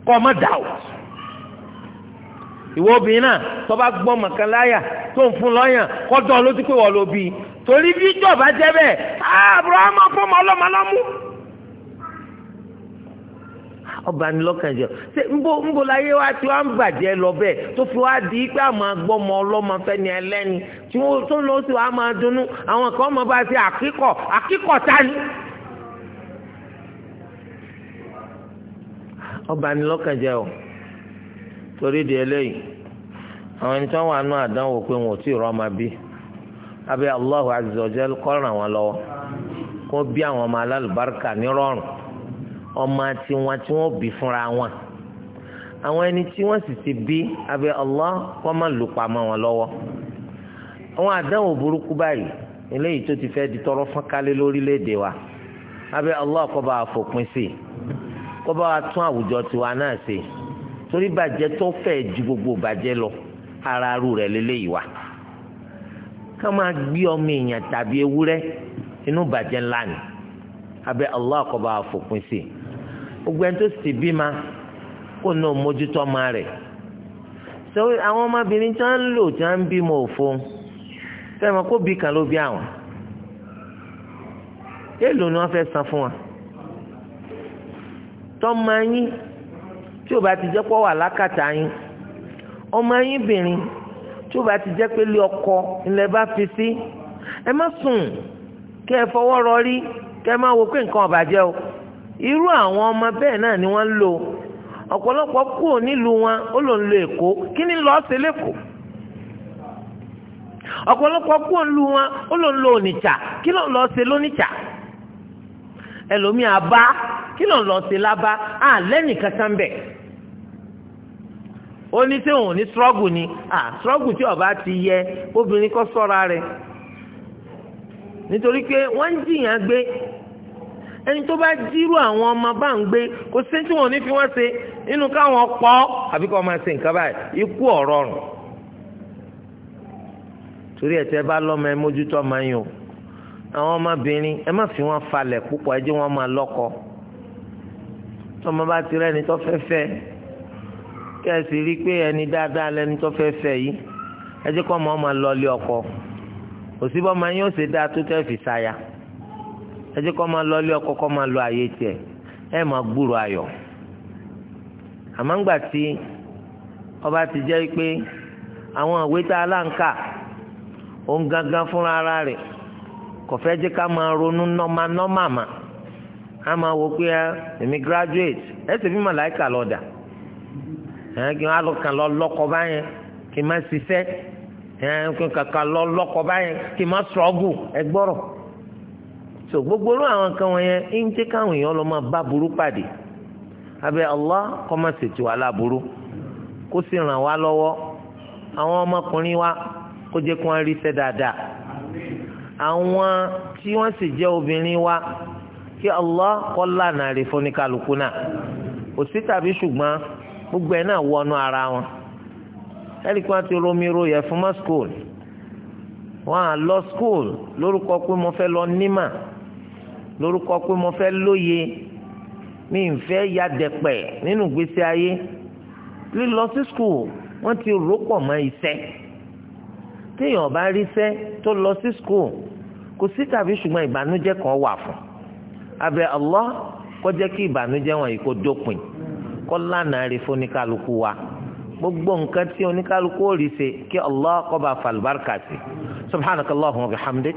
kọ́ ọmọ dáwọ̀ ìwọ obìnrin náà tó bá gbọ́ ọmọ kan láyà tó ń fún lọ́yàn kọ́ dán ọba ni lọ́kàn jẹ́ ṣé nbó nbó láyé wa tí wọ́n á ń gbàjẹ́ lọ bẹ́ẹ̀ tó fi wá di pé àmọ́ agbọ́mọ ọlọ́mọ fẹ́ni ẹlẹni tí wọ́n tó lọ sí wàá máa dunnú àwọn kan máa bá ṣe àkíkọ̀ o torí di eléyìí àwọn ẹni wà nù pé wọn ò tí bí abẹ́ ràn wọ́n bí àwọn ọmọ alálùbáríkà ní ọmọ tiwọn tí wọ́n bí fúnra wọn àwọn ẹni tí wọ́n sì ti bí abẹ́ Allah kọ́ máa lù pamọ́ wọn lọ́wọ́ àwọn àdánwò burúkú báyìí eléyìí tó ti fẹ́ di tọrọ fún kálé lórílẹ̀‐èdè wa abẹ́ Allah kó bá wa fòpin sí i kó bá wa tún àwùjọ tiwa náà sí i torí bàjẹ́ tó fẹ́ ju gbogbo bàjẹ́ lọ ara arú rẹ̀ lélẹ́yìí wa ká máa gbé ọmọ èèyàn tàbí ewúrẹ́ inú bàjẹ́ ńlá ni abẹ́ Allah kó bá wa fòpin sí i gbogbo ẹni tó sì bímọ kó náà mójútó ọmọ rẹ̀ sọ àwọn ọmọbìnrin tí wọ́n ń lò tí wọ́n ń bímọ òfo sẹ́wọ̀n kó bí kan ló bí àwọn èèlò ni wọ́n fẹ́ san fún wa tọ́mọ yín tí o bá ti jẹ́ pọ́ wà lákàtà yín ọmọ yín bìnrin tí o bá ti jẹ́ pé lé ọkọ ńlẹ̀ bá fi sí ẹ má sùn kẹ́ ẹ fọwọ́ rọrí kẹ́ ẹ má wo pé nǹkan ọ̀bàjẹ́ o. irú àwọn ọmọ bẹ́ẹ̀ náà ni wọ́n ń ọ̀pọ̀lọpọ̀ nílùú wọn ó lò lo èkó kí ni lọ́ọ́ ṣe lẹ́kọ̀ọ́ ọ̀pọ̀lọpọ̀ kúrò nílùú wọn ó lò ń lo onìjà kí ló ń lọ́ọ́ ṣe lónìjà ẹlòmíà bá kí ló ń lọ́ọ́ ṣe lábá àlẹ́ bẹ̀ ní ni a struggle tí ọba ti yẹ obìnrin kọ́ sọ́ra rẹ̀ nítorí pé wọ́n ń jìyàn ẹni tó bá dírú àwọn ọmọ bá ń gbé kò sí tí wọn ní fi wọn ṣe nínú káwọn pọ̀ àbí kọ́ máa ṣe nǹkan báyìí ikú ọ̀rọ̀ rùn torí ẹ̀ tẹ́ bá lọ́mọ ẹ mójútó ọmọ yín o àwọn ọmọbìnrin ẹ má fi wọn falẹ̀ púpọ̀ ẹ jẹ́ wọn máa lọ́kọ tọmọ bá ti rẹ́ni tó fẹ́ fẹ́ kẹ́sì rí i pé ẹni dáadáa lẹni tó fẹ́ fẹ́ yìí ẹ jẹ́ kọ́ ọmọ ọmọ lọ́ọ́lé ọkọ òsínbọ́n máa yín ó ṣe dáa tó tẹ́ fi ṣáya. ẹ jẹ́ kó máa lọ ọkọ máa lọ àyè ẹ máa gbúrò ayọ àmọ́ tí ọba ti jẹ́ pé àwọn ìwé tá a là òun gangan fúnra ara rẹ̀ kò fẹ́ jẹ́ ká máa ronú nọ́mà nọ́mà mà á máa wò pé ah, èmi graduate lọ́dà ẹ̀ kí wọ́n lọ kàn lọ lọ́kọ báyẹn kí n má ṣiṣẹ́ ẹ̀ kí n so gbogbo irú àwọn kan wọn yẹn ń jẹ́ káwọn èèyàn lọ máa bá burú pàdé abẹ́ Allah kó má ṣètò aláburú kó sì ràn wá lọ́wọ́ àwọn ọmọkùnrin wa kó jẹ́ kó wọ́n rí iṣẹ́ dáadáa àwọn tí wọ́n sì obìnrin wa kí Allah kó lànà fún ní kálukú náà gbogbo ena náà ara wọn ẹ̀rí ti romi yẹ fún mọ́ lọ skool lórúkọ pé mo lọ nímà lórúkọ pé mo fẹ́ lóye mi ń fẹ́ ya dẹ̀pẹ̀ nínú ìgbésí ayé lílọ sí skul wọ́n ti rò pọ̀ mọ́ iṣẹ́ téèyàn bá rí iṣẹ́ tó lọ sí skul kò sí tàbí ṣùgbọ́n ìbànújẹ́ kan wà fún abẹ Allah kó jẹ́ kí ìbànújẹ́ wọn yìí kó dópin kó lánàá rí fún oníkálukú wa gbogbo nǹkan tí oníkálukú ò rí ṣe kí Allah kó bá falùbáríkà sí subhanakallahumma wa bihamdik.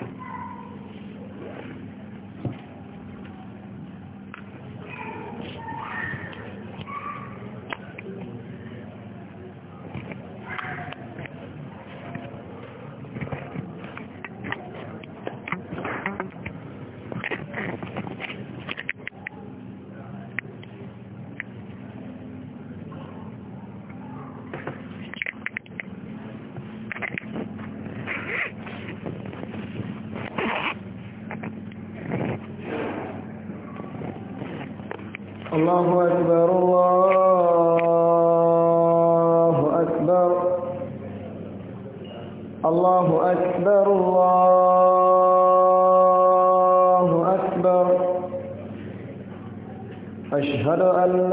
الله أكبر الله أكبر الله أكبر الله أكبر أشهد أن